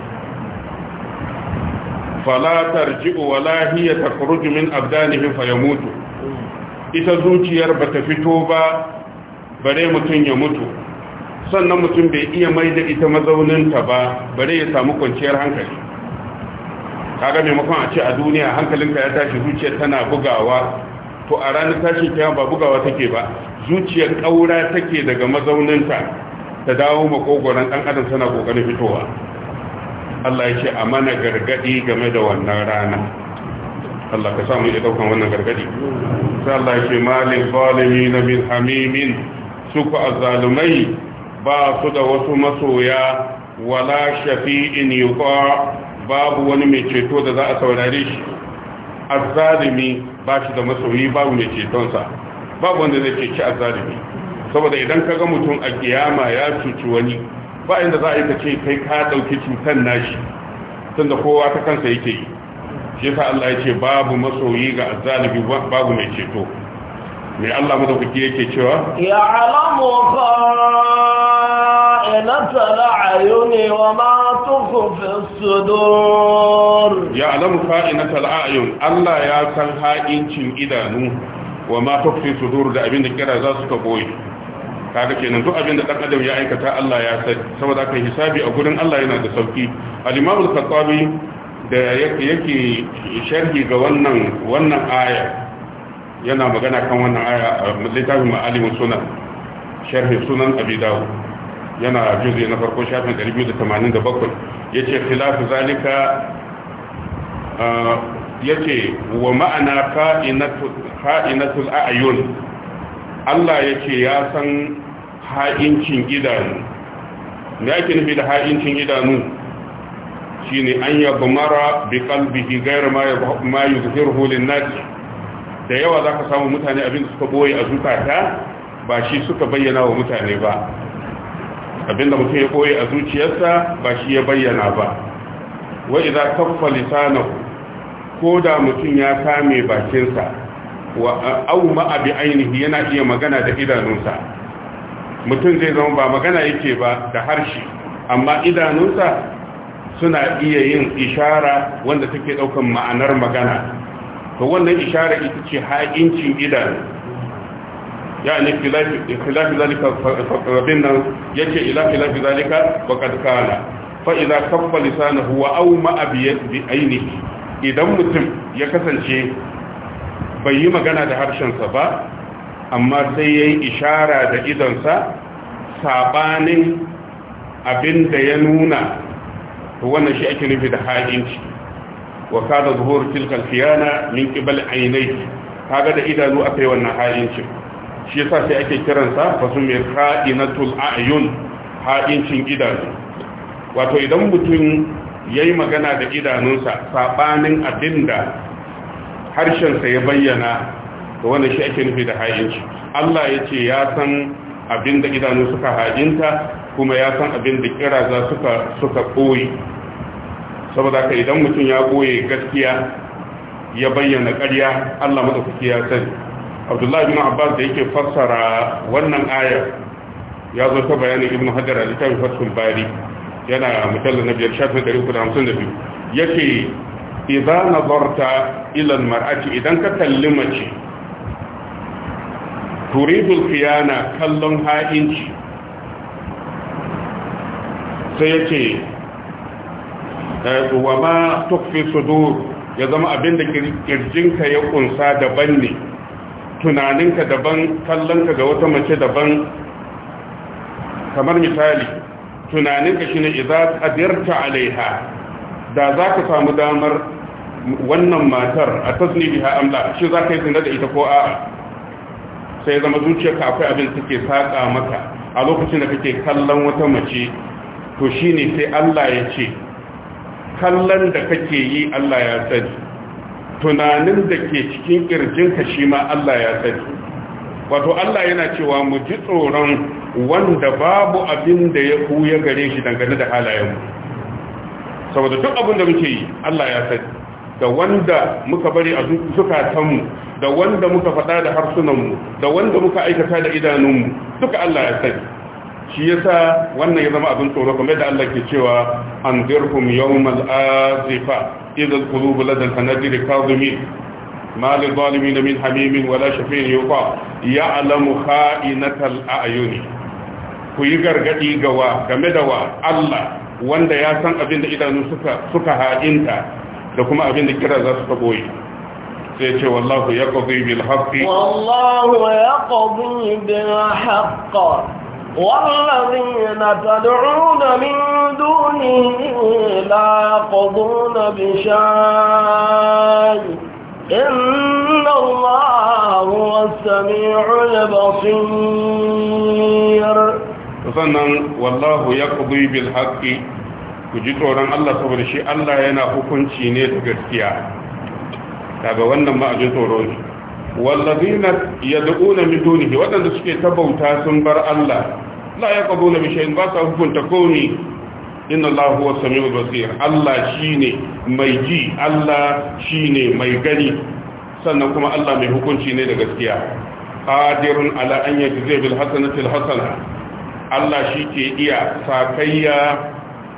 fala tarji'u wala hiya takhruju min abdanihim fayamutu ita zuciyar ba ta fito ba bare mutum ya mutu sannan mutum bai iya mai da ita mazauninta ba bare ya samu kwanciyar hankali kaga maimakon a ce a duniya hankalinka ya tashi zuciyar tana bugawa to a ranar tashin kiyama ba bugawa take ba zuciyar kaura take daga mazauninta ta dawo makogoron ɗan adam tana kokarin fitowa Allah ya ce a mana gargadi game da wannan rana Allah ka samu ya ɗaukan wannan gargadi sai Allah ya ce malil na min hamimin su ku azzalumai ba su da wasu masoya wala shafi'in yuqa babu wani mai ceto da za a saurare shi azzalimi ba shi da masoyi babu mai cetonsa babu wanda zai ceci azzalimi saboda idan ka ga mutum a kiyama ya cuci wani ba inda za a yi ka ce kai ka ɗauki cutar nashi tunda kowa ta kansa yake yi shi yasa Allah ya ce babu masoyi ga azzalimi babu mai ceto Me Allah madaukaki yake cewa ya alamu خائنة الأعين وما allah ya san ha'incin idanu wa يسن خائنة إدانو وما تخفي الصدور ده أبين كده ذات كبوي kaga kenan duk abin da dan adam ya aikata Allah ya sani saboda haka hisabi a gurin Allah yana da sauki al-Imam al-Khattabi da yake sharhi ga wannan wannan aya yana magana kan wannan aya a littafin ma'alimin sunan sharhi sunan abi dawud yana juzi na farko shafin 287 yace khilafu zalika yace wa ma'ana ka'inatu ka'inatul a'yun Allah yace ya san ha'incin idanu me yake nufi da ha'incin idanu shine an yadmara bi qalbihi ghayra ma ma yuzhiruhu lin-nas da yawa za ka samu mutane abin da suka boye a zukata ba shi suka bayyana wa mutane ba abinda mutum ya koyi a zuciyarsa ba shi ya bayyana ba wa idza kaffa lisanahu ko da mutum ya kame bakinsa wa ma'abi bi ainihi yana iya magana da idanunsa mutum zai zama ba magana yake ba da harshe amma idanunsa suna iya yin ishara wanda take daukan ma'anar magana to wannan ishara ita ce haƙincin idanu yani khilafi zalika rabin nan yace ila khilafi zalika faqad kana fa idza kaffa lisanahu wa awma bi ainihi idan mutum ya kasance bai yi magana da harshensa ba amma sai yayi ishara da idansa sabanin abinda ya nuna to shi ake nufi da hajinci wa kada zuhur tilkal khiyana min qibal aynayhi kaga da idanu akai wannan hajinci shi yasa sai ake kiransa fasumir kha'inatul a'yun ha'incin idanu wato idan mutum yayi magana da idanunsa sabanin abinda harshensa ya bayyana to wannan shi ake nufi da ha'inci Allah ce ya san abinda idanu suka ha'inta kuma ya san abinda kiraza suka suka koyi saboda ka idan mutum ya koye gaskiya ya bayyana ƙarya Allah madaukaki ya sani abdullahi bin abbas da yake fassara wannan ayar ya zo ta bayanin ibn hajar a littafin fasul bari yana mujalla na biyar shafin ɗari kuɗa hamsin da biyu ya ce idan nazarta ilan mar'aci idan ka kalli mace turidul khiyana kallon ha'inci sai ya ce wa ma tukfi sudur ya zama abin da kirjinka ya kunsa daban ne tunaninka daban kallonka ga wata mace daban kamar misali tunaninka shine idza qadirta alaiha da zaka samu damar wannan matar a tasnibiha amla shi zaka yi tunda da ita ko a'a sai zama zuciyarka akwai abin take saka maka a lokacin da kake kallon wata mace to shine sai Allah ya ce kallon da kake yi Allah ya sani tunanin da ke cikin kirjinka shi ma Allah ya sani wato Allah yana cewa mu ji tsoron wanda babu abin da ya kuya gare shi dangane da halayenmu saboda duk abin da muke yi Allah ya sani da wanda muka bari a zukatanmu da wanda muka faɗa da harsunanmu da wanda muka aikata da idanunmu duka Allah ya sani shi yasa wannan ya zama abin tsoro kuma da Allah ke cewa anzirhum yawmal azifa إذا القلوب لدى الخنادر كاظمين ما للظالمين من حميم ولا شفيع يطاع يعلم خائنة الأعين kuyi gargadi gawa game da wa Allah wanda ya san abin da idanu suka haɗinta ha'inta da kuma abin da kira za su ta boye sai ce wallahu yaqdi والذين تدعون من دونه لا يقضون بشيء إن الله هو السميع البصير sannan wallahu ya ƙudu bil haƙƙi ku ji tsoron Allah saboda shi Allah yana hukunci ne da gaskiya daga wannan ma'ajin tsoro ne wallazina yad'una min dunihi wadanda suke tabauta sun bar Allah la yaqbuluna bi shay'in ba sa hukunta komi inna Allah huwa samiul basir Allah shine mai ji Allah shine mai gani sannan kuma Allah mai hukunci ne da gaskiya qadirun ala an yajzi Allah shi ke iya sakayya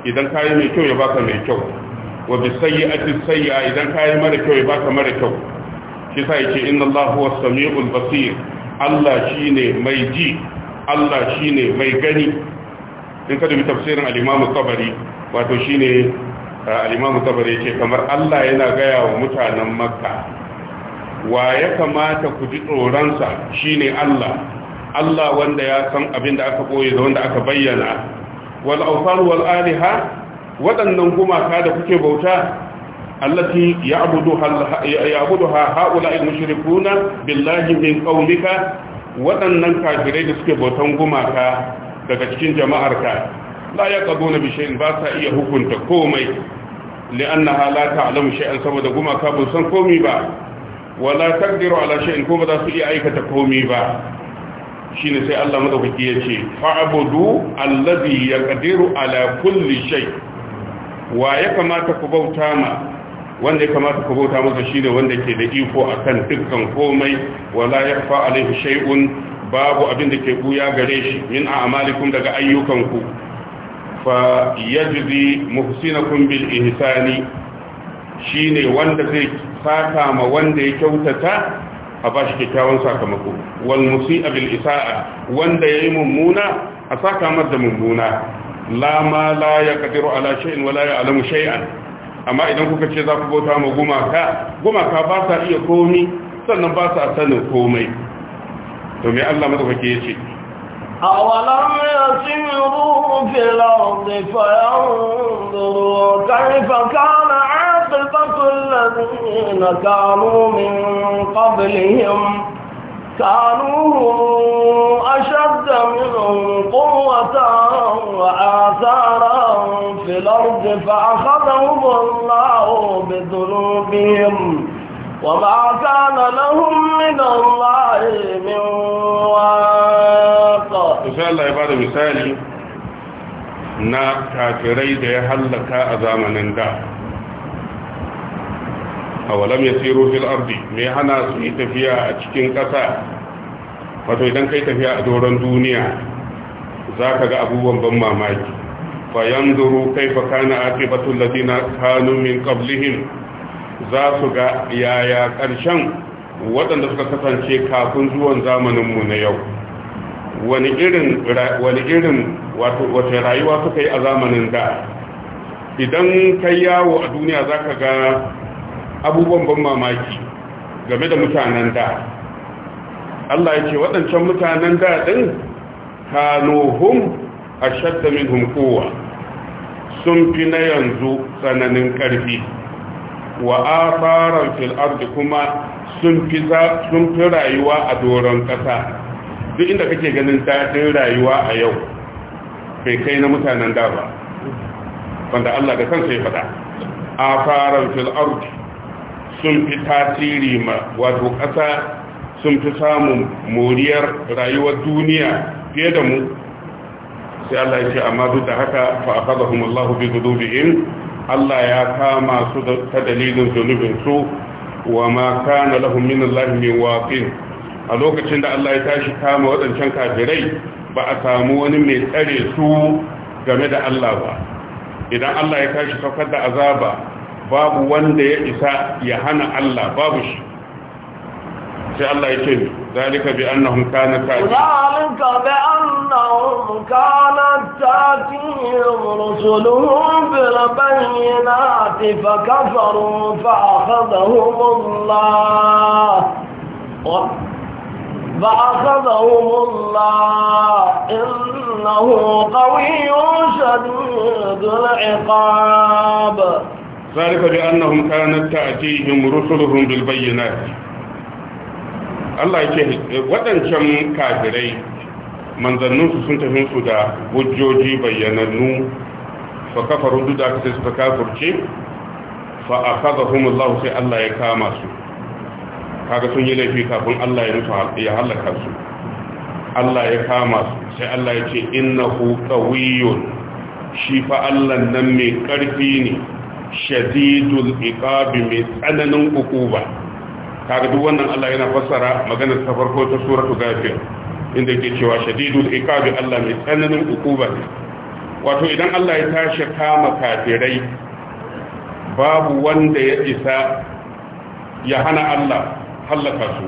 idan kayi mai kyau ya baka mai kyau wa bis sayyi'ati sayyi'a idan kayi mara kyau ya baka mara kyau ya ce inna Allah huwa samiul basir Allah shine mai ji Allah shine mai gani in ka dubi tafsirin al-Imam Tabari wato shine al-Imam Tabari yake kamar Allah yana gaya wa mutanen Makka wa ya kamata ku ji tsoron sa shine Allah Allah wanda ya san abin da aka koyi da wanda aka bayyana wal awsal wal aliha waɗannan gumaka da kuke bauta التي يعبدها يعبدها هؤلاء المشركون بالله من قومك waɗannan kafirai da suke bautan gumaka daga cikin jama'arka la ya ƙazo na bishayin ba sa iya hukunta komai li'anna la ta'lamu shay'an saboda gumaka ba san komai ba wala taqdiru ala shay'in kuma za su iya aikata komai ba shine sai Allah madaukaki yace fa'budu allazi yaqdiru ala kulli shay' wa ya kamata ku bauta ma wanda ya kamata ku bauta masa shine wanda ke da iko akan dukkan komai wala yakfa alaihi shay'un babu abin da ke buya gare shi min a'malikum daga ayyukanku fa yajzi muhsinakum bil ihsani shine wanda zai saka ma wanda ya kyautata a bashi kyakkyawan sakamako wal musi'a bil isa'a wanda yayi mummuna a saka masa da mummuna la ma la yaqdiru ala shay'in wala ya'lamu shay'an amma idan kuka ce za ku bauta ma gumaka gumaka ba sa iya komi sannan ba sa sanin komai to mai Allah madaukake yace awalam yasiru fil ardi fa yanzuru kayfa kana aqibatu alladhina kanu min qablihim كانوا أشد منهم قوة وآثارا في الأرض فأخذهم الله بذنوبهم وما كان لهم من الله من واق إن شاء الله عبادة مثالي na kafirai da ya hallaka a zamanin da awalam yasiru fil ardi me hana su yi tafiya a cikin ƙasa wato idan kai tafiya a doron duniya zaka ga abubuwan ban mamaki fa yanzuru kaifa kana aqibatu alladhina kanu min qablihim za su ga yaya ƙarshen waɗanda suka kasance kafin zuwan mu na yau wani irin wani irin wato rayuwa suka yi a zamanin da idan kai yawo a duniya zaka ga abubuwan ban mamaki game da mutanen da Allah ya ce waɗancan mutanen da ɗin kanohum a shadda min sun fi na yanzu tsananin ƙarfi wa a fara ardi kuma sun fi rayuwa a doron ƙasa duk inda kake ganin daɗin rayuwa a yau bai kai na mutanen da ba wanda Allah da kansa ya faɗa A fara ardi sun fi tasiri ma wato ƙasa sun fi samun moriyar rayuwar duniya fiye da mu sai Allah ya ce amma duk da haka fa akadahum Allahu bi dhunubihim Allah ya kama su ta dalilin zunubin su wa ma kana lahum min Allah min waqin a lokacin da Allah ya tashi kama wadancan kafirai ba a samu wani mai tsare su game da Allah ba idan Allah ya tashi saukar da azaba babu wanda ya isa ya hana Allah babu shi sai Allah ya ce zalika bi annahum kana ta zalika bi annahum kana ta'ti rusuluhum bil bayyinati fa kafaru fa akhadhahum Allah فأخذهم الله إنه قوي شديد العقاب zalika bi annahum kanat ta'tihim rusuluhum bil bayyinat Allah yake wadancan kafirai manzannin su sun tafi su da hujjoji bayyanannu fa kafaru duk da su suka kafurce fa akhadhahum Allah sai Allah ya kama su kaga sun yi laifi kafin Allah ya mutu su Allah ya kama su sai Allah ya ce innahu qawiyyun shi Allah nan mai ƙarfi ne shadidul iqabi mai tsananin ukuba kaga duk wannan Allah yana fassara maganar ta farko ta suratu ghafir inda yake cewa shadidul iqabi Allah mai tsananin ukuba ne wato idan Allah ya tashi kama kafirai babu wanda ya isa ya hana Allah hallaka su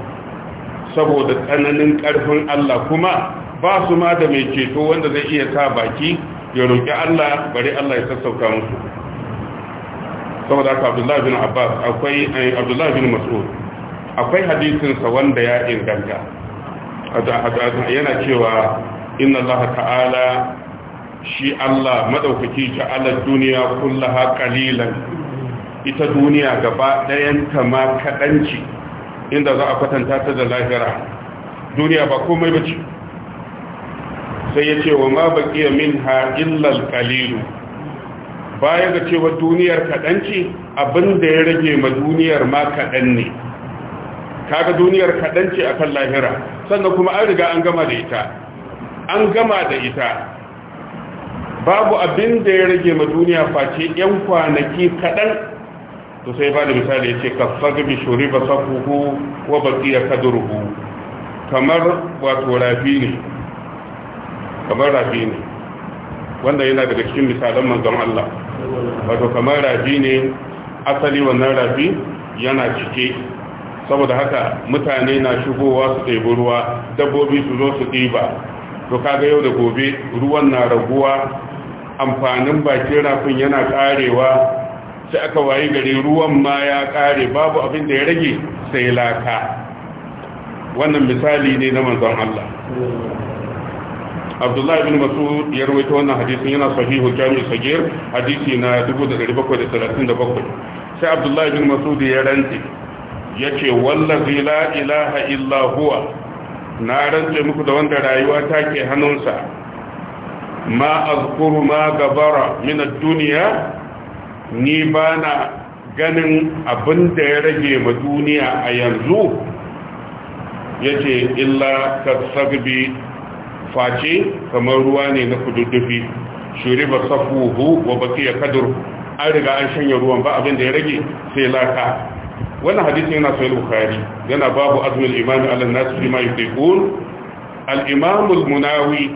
saboda tsananin karfin Allah kuma ba su ma da mai ceto wanda zai iya sa baki ya roƙi Allah bari Allah ya sassauka musu saboda haka abdullahi bin abbas akwai eh, abdullahi bin mas'ud akwai hadisinsa wanda ya inganta yana cewa inna allaha ta'ala shi allah madaukaki ja'ala duniya kullaha qalilan ita duniya gaba ɗayanta ma kaɗanci inda za a kwatanta ta da lahira duniya ba komai ba ce sai ya ce wa ma baƙiya min ha illal ƙalilu baya ga cewa duniyar kaɗan abin da ya rage ma duniyar ma kaɗan ne kaga duniyar kaɗan ce a kan lahira sannan kuma an riga an gama da ita an gama da ita babu abin da ya rage ma duniya face 'yan kwanaki kaɗan to sai ba da misali ya ce kafar bishori ba ko wa bakiya kadurhu kamar wato rafi ne kamar rafi ne wanda yana daga cikin misalan manzon Allah wato kamar Rabi ne asali wannan Rabi yana cike saboda haka mutane na shigowa su ɗebi ruwa dabbobi su zo su ɗiba to kaga yau da gobe ruwan na raguwa amfanin bakin rafin yana ƙarewa sai aka wayi gari ruwan ma ya ƙare babu abin da ya rage sai laka wannan misali ne na manzon Allah abdullahi bin mas'ud ya rawaito wannan hadisin yana sahihu jami'i sagir hadisi na 1737 sai abdullahi bin mas'ud ya ya yace wallazi la ilaha illa huwa na rantse muku da wanda rayuwa ke hannunsa ma azkuru ma gabara min ad-dunya ni bana ganin abin da ya rage ma duniya a yanzu yace illa tasagbi face kamar ruwa ne na kududdufi shuri ba safuhu wa baki ya kadur an riga an shanya ruwan ba abin da ya rage sai laka wannan hadisi yana sahih bukari yana babu azumin imami ala nas fi ma al munawi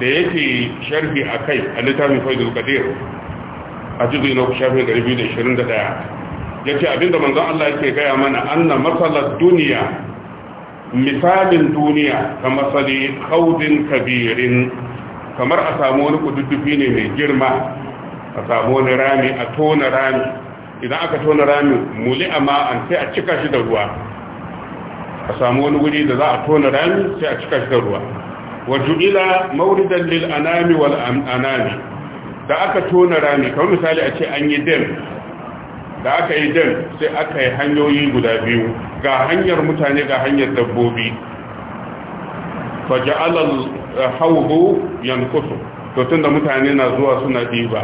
da yake sharhi kai a littafin faidul qadir a cikin na shafin 221 yace abinda manzon Allah yake gaya mana anna matsalar duniya misalin duniya ka masali haudin kabirin kamar a samu wani kududdufi ne mai girma a samu wani rami a tona rami idan aka tona rami muli a ma'an sai a cika shi da ruwa a samu wani wuri da za a tona rami sai a cika shi da ruwa wajen ila mauridan lil anami wal anami da aka tona rami kamar misali a ce an yi dem da aka yi dem sai aka yi hanyoyi guda biyu ga hanyar mutane ga hanyar dabbobi faja'alal hawbu yanqutu to tunda mutane na zuwa suna ɗiba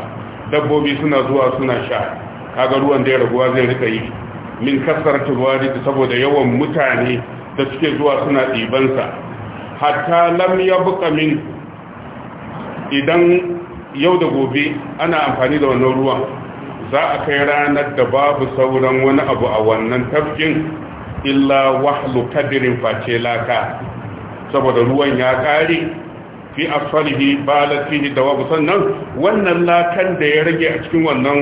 dabbobi suna zuwa suna sha kaga ruwan da ya raguwa zai rika yi min kasar wadi saboda yawan mutane da suke zuwa suna ɗibansa hatta lam ya min idan yau da gobe ana amfani da wannan ruwan za a kai ranar da babu sauran wani abu a wannan tafkin illa wahlu kadirin face laka saboda ruwan ya kare fi asfalihi balat da sannan wannan lakan da ya rage a cikin wannan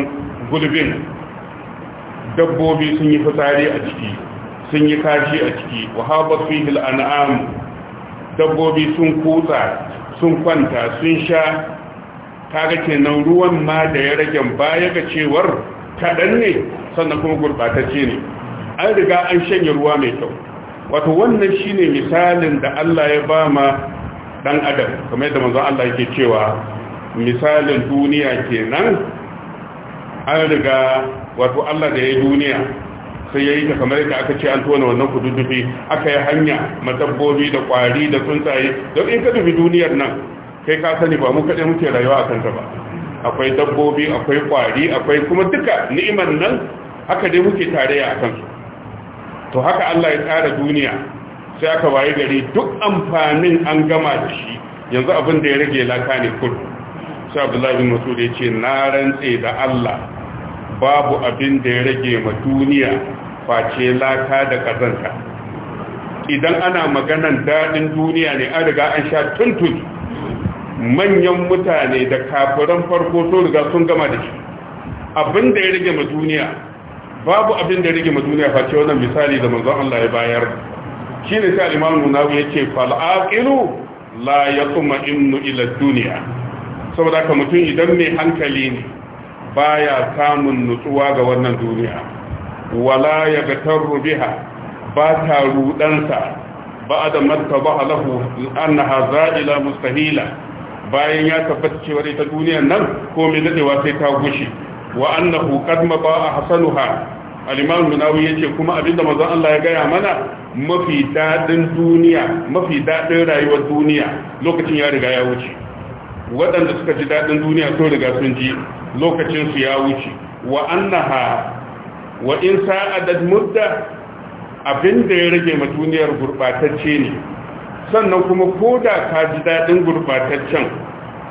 gulbin dabbobi sun yi fasari a ciki sun yi kashi a ciki wahabat fihi al'an'am dabbobi sun kusa sun kwanta sun sha kaga kenan ruwan ma da ya rage baya ga cewar kaɗan ne sannan kuma gurɓatacce ne an riga an shanye ruwa mai kyau wato wannan shine misalin da Allah ya ba ma dan adam kamar yadda manzon Allah yake cewa misalin duniya kenan an riga wato Allah da ya yi duniya sai ya yi ta kamar yadda aka ce an tona wannan kududdufi aka yi hanya matabbobi da kwari da tsuntsaye don in ka dubi duniyar nan kai ka sani ba mu kaɗai muke rayuwa a kanta ba akwai dabbobi akwai kwari akwai kuma duka ni'imar nan haka dai muke tare a kansu to haka Allah ya tsara duniya sai aka waye gari duk amfanin an gama da shi yanzu abin da ya rage laka ne kudu sai abdullahi bin masud ya ce na rantse da Allah babu abin da ya rage ma duniya face laka da kazanta idan ana maganan daɗin duniya ne an riga an sha tuntun manyan mutane da kafiran farko sun riga sun gama da shi abin da ya rage ma duniya babu abin da rage ma duniya face wannan misali da manzon Allah ya bayar ne sai al-Imam Nawawi yace fal aqilu la yatma'innu ila dunya saboda ka mutum idan mai hankali ne baya samun nutsuwa ga wannan duniya wala gatarru biha ba ta rudansa ba'da martaba lahu annaha za'ila mustahila bayan ya tabbata cewar ita duniyar nan ko mai dadewa sai ta gushe wa annahu qad maba ahsanuha alimar munawi ya ce kuma abinda mazan Allah ya gaya mana mafi daɗin duniya mafi daɗin rayuwar duniya lokacin ya riga ya wuce waɗanda suka ji daɗin duniya sun riga sun ji lokacin su ya wuce wa annaha wa in sa'adat mudda abinda ya rage ma duniyar gurɓatacce ne sannan kuma ko da ka ji daɗin gurbataccen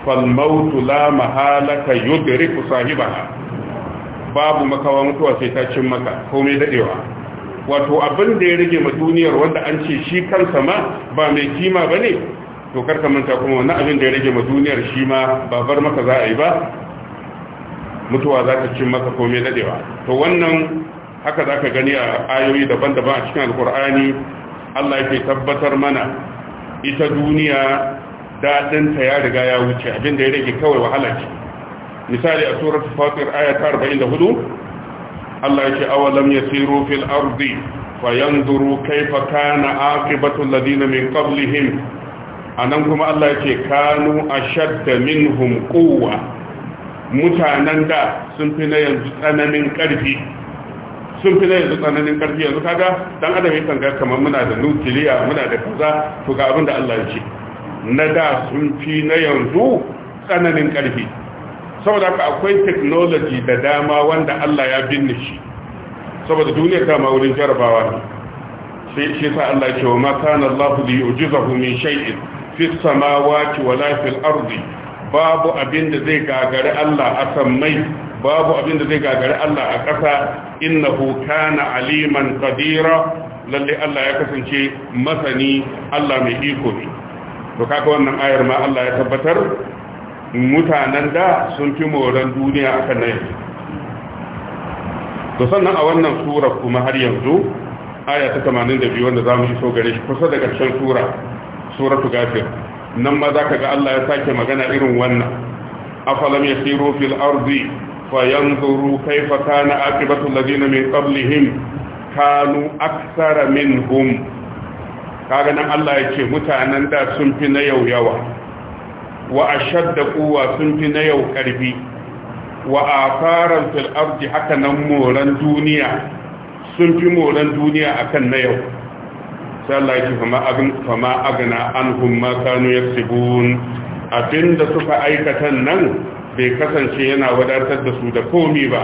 falmautu la mahalaka yudriku sahibaha babu makawa mutuwa sai ta cin maka komai dadewa wato abin da ya rage ma duniyar wanda an ce shi kansa ma ba mai kima ba ne to karka manta kuma wannan abin da ya rage ma duniyar shi ma ba bar maka za a yi ba mutuwa za ta cin maka komai dadewa to wannan haka za ka gani a ayoyi daban-daban a cikin alkur'ani allah yake tabbatar mana ita duniya daɗinta ya riga ya wuce abin da ya rage kawai wahala ce misali a surat fatir aya ta 44 Allah ya yake awalam yasiru fil ardi fayanzuru kaifa kana aqibatu alladhina min qablihim anan kuma Allah yake kanu ashadda minhum quwwa mutanen da sun fi na yanzu tsananin karfi sun fi na yanzu tsananin karfi yanzu kaga dan adam yakan ga kamar muna da nukiliya muna da kaza to ga abin da Allah ya ce na da sun fi na yanzu tsananin karfi saboda haka akwai technology da dama wanda Allah ya binne shi saboda duniya ta ma wurin jarabawa ne sai shi sa Allah ya ce wa ma kana Allah li yu'jizahu min shay'in fi samawati wa la fil ardi babu abin da zai gagari Allah a sammai babu abin da zai gagari Allah a ƙasa innahu kana aliman qadira lalle Allah ya kasance masani Allah mai iko ne to kaga wannan ayar ma Allah ya tabbatar mutanen da sun fi moran duniya a kan to sannan a wannan sura kuma har yanzu aya ta 82 wanda za mu iso gare shi kusa daga can sura sura tu nan ma za ka ga Allah ya sake magana irin wannan afalam yasiru fil ardi fayanzuru kaifa kana aqibatu alladhina min qablihim kanu aksara hum kaga nan Allah ya ce mutanen da sun fi na yau yawa wa ashadda quwwa sun fi na yau karfi wa afaran fil ardi haka nan moran duniya sun fi moran duniya akan na yau sai yake fama agana an agna ma kanu abinda suka aikatan nan bai kasance yana wadatar da su da komi ba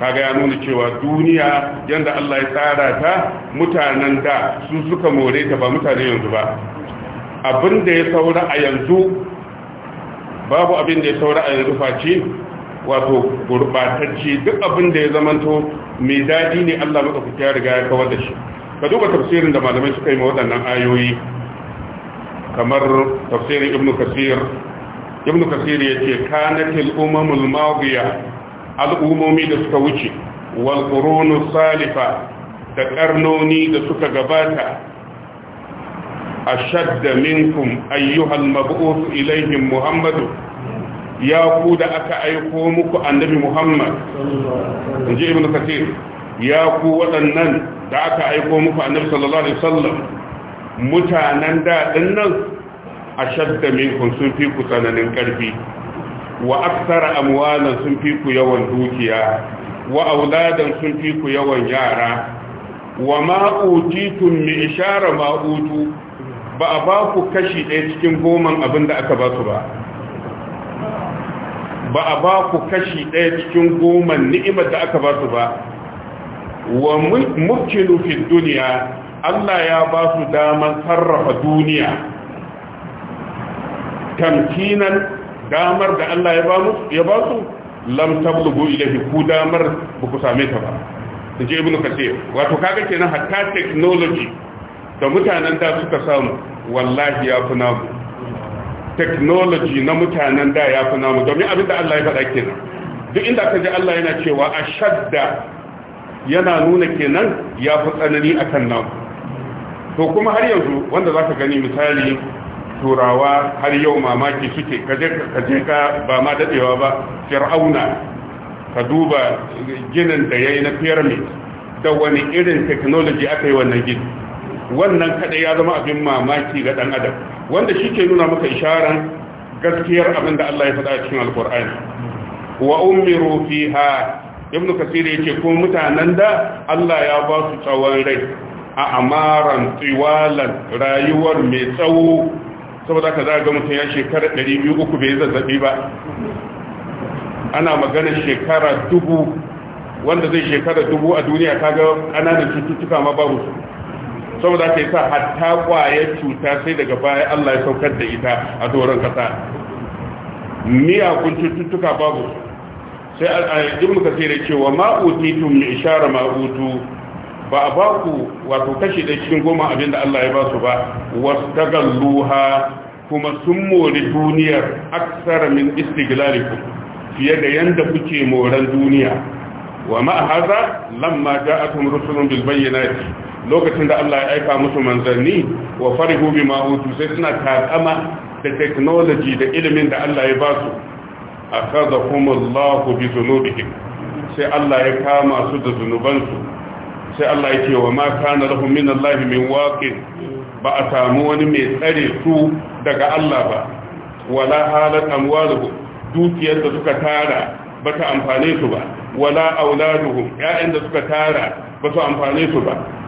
kaga ya nuna cewa duniya yanda Allah ya tsara ta mutanen da su suka more ta ba mutane yanzu ba abin da ya saura a yanzu babu abin da ya saura a yanzu face wato gurbatacci, duk abin da ya zamanto mai daɗi ne Allah maɗaukaki ya riga ya kawar da shi ka duba tafsirin da malamai suka yi ma waɗannan ayoyi kamar tafsirin ibnu kasir ibnu kasir ya ce kanatil umamul maghiya al'umomi da suka wuce wal qurunus salifa da karnoni da suka gabata ashadda minkum ayyuhal mab'uth ilaihim muhammadu ya ku da aka aiko muku annabi muhammad inji ibnu kathir ya ku waɗannan da aka aiko muku annabi sallallahu alaihi wasallam mutanen da dinnan ashadda minkum sun fi ku tsananin karfi wa aksara amwalan sun fi ku yawan dukiya wa auladan sun fi ku yawan yara wa ma utitum mi ishara ma utu ba a ba ku kashi ɗaya cikin goman abin da aka ba su ba ba a ba ku kashi ɗaya cikin goman ni'imar da aka ba su ba wa mukinu fi duniya Allah ya ba su daman sarrafa duniya tamkinan damar da Allah ya ba su lam tablugu ilahi ku damar ba ku same ta ba in ji ibn kasir wato kaga kenan hatta technology da mutanen da suka samu wallahi ya fi namu technology na mutanen da ya fi namu domin abin da Allah ya faɗa kenan duk inda aka ji Allah yana cewa a shadda yana nuna kenan ya fi tsanani a kan namu to kuma har yanzu wanda za ka gani misali turawa har yau mamaki suke kaje ka ba ma daɗewa ba fir'auna ka duba ginin da ya yi na pyramid da wani irin technology aka yi wannan gini wannan kaɗai ya zama abin mamaki ga dan adam wanda shi ke nuna maka isharar gaskiyar abin da Allah ya faɗa cikin alkur'ani wa umiru fiha ibn kasir yake ko mutanen da Allah ya ba su tsawon rai a amaran tiwalan rayuwar mai tsawo saboda ka zaga ga mutum ya shekara 200 bai zazzabi ba ana magana shekara dubu wanda zai shekara dubu a duniya kaga ƙananan cututtuka ma babu su saboda ka yasa hatta kwayar cuta sai daga baya Allah ya saukar da ita a doron kasa miyagun cututtuka babu sai al'adun muka sai da cewa ma'utitu mai ishara ma'utu ba a ba ku wato kashi da cikin goma abin da Allah ya ba su ba wasu tagalluha kuma sun mori duniyar aksara min istiglalikum fiye da yadda kuke moran duniya wa ma'a haza lamma ja'atum rusulun bilbayyana ce. lokacin da Allah ya aika musu manzanni wa farihu bima utu sai suna takama da technology da ilimin da Allah ya ba su akhadhahumullahu bi dhunubihim sai Allah ya kama su da su, sai Allah ya ce wa ma kana lahum min Allah min waqin ba a samu wani mai tsare su daga Allah ba wala halat amwaluhum dukiyar da suka tara ba ta amfane su ba wala auladuhum ƴaƴan da suka tara ba su amfane su ba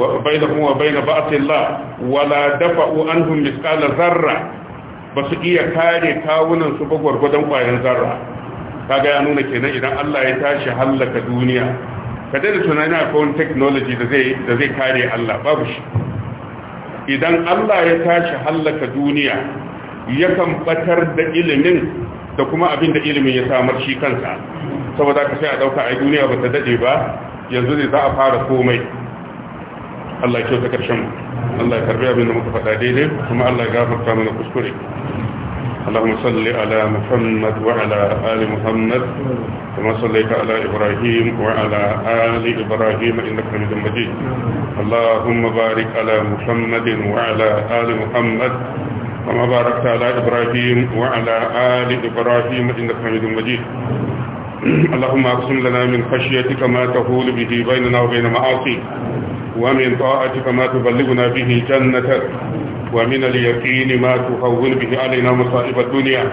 bainahum wa bain ba'atillah wala dafa'u anhum mithqala zarra ba iya kare kawunan su ba gwargwadon kwayan zarra kaga ya nuna kenan idan Allah ya tashi halaka duniya kada da tunani akwai wani technology da zai da zai kare Allah babu shi idan Allah ya tashi hallaka duniya yakan batar da ilimin da kuma abin da ilimin ya samar shi kansa saboda ka sai a dauka a duniya bata dade ba yanzu ne za a fara komai الله ya kyauta karshen mu Allah ya karbi abin da muka faɗa daidai kuma Allah اللهم صل على محمد وعلى آل محمد كما صليت على إبراهيم وعلى آل إبراهيم إنك حميد مجيد اللهم بارك على محمد وعلى آل محمد كما باركت على إبراهيم وعلى آل إبراهيم إنك حميد مجيد اللهم اقسم لنا من خشيتك ما تهول به بيننا وبين معاصيك ومن طاعتك ما تبلغنا به جنتك ومن اليقين ما تهون به علينا مصائب الدنيا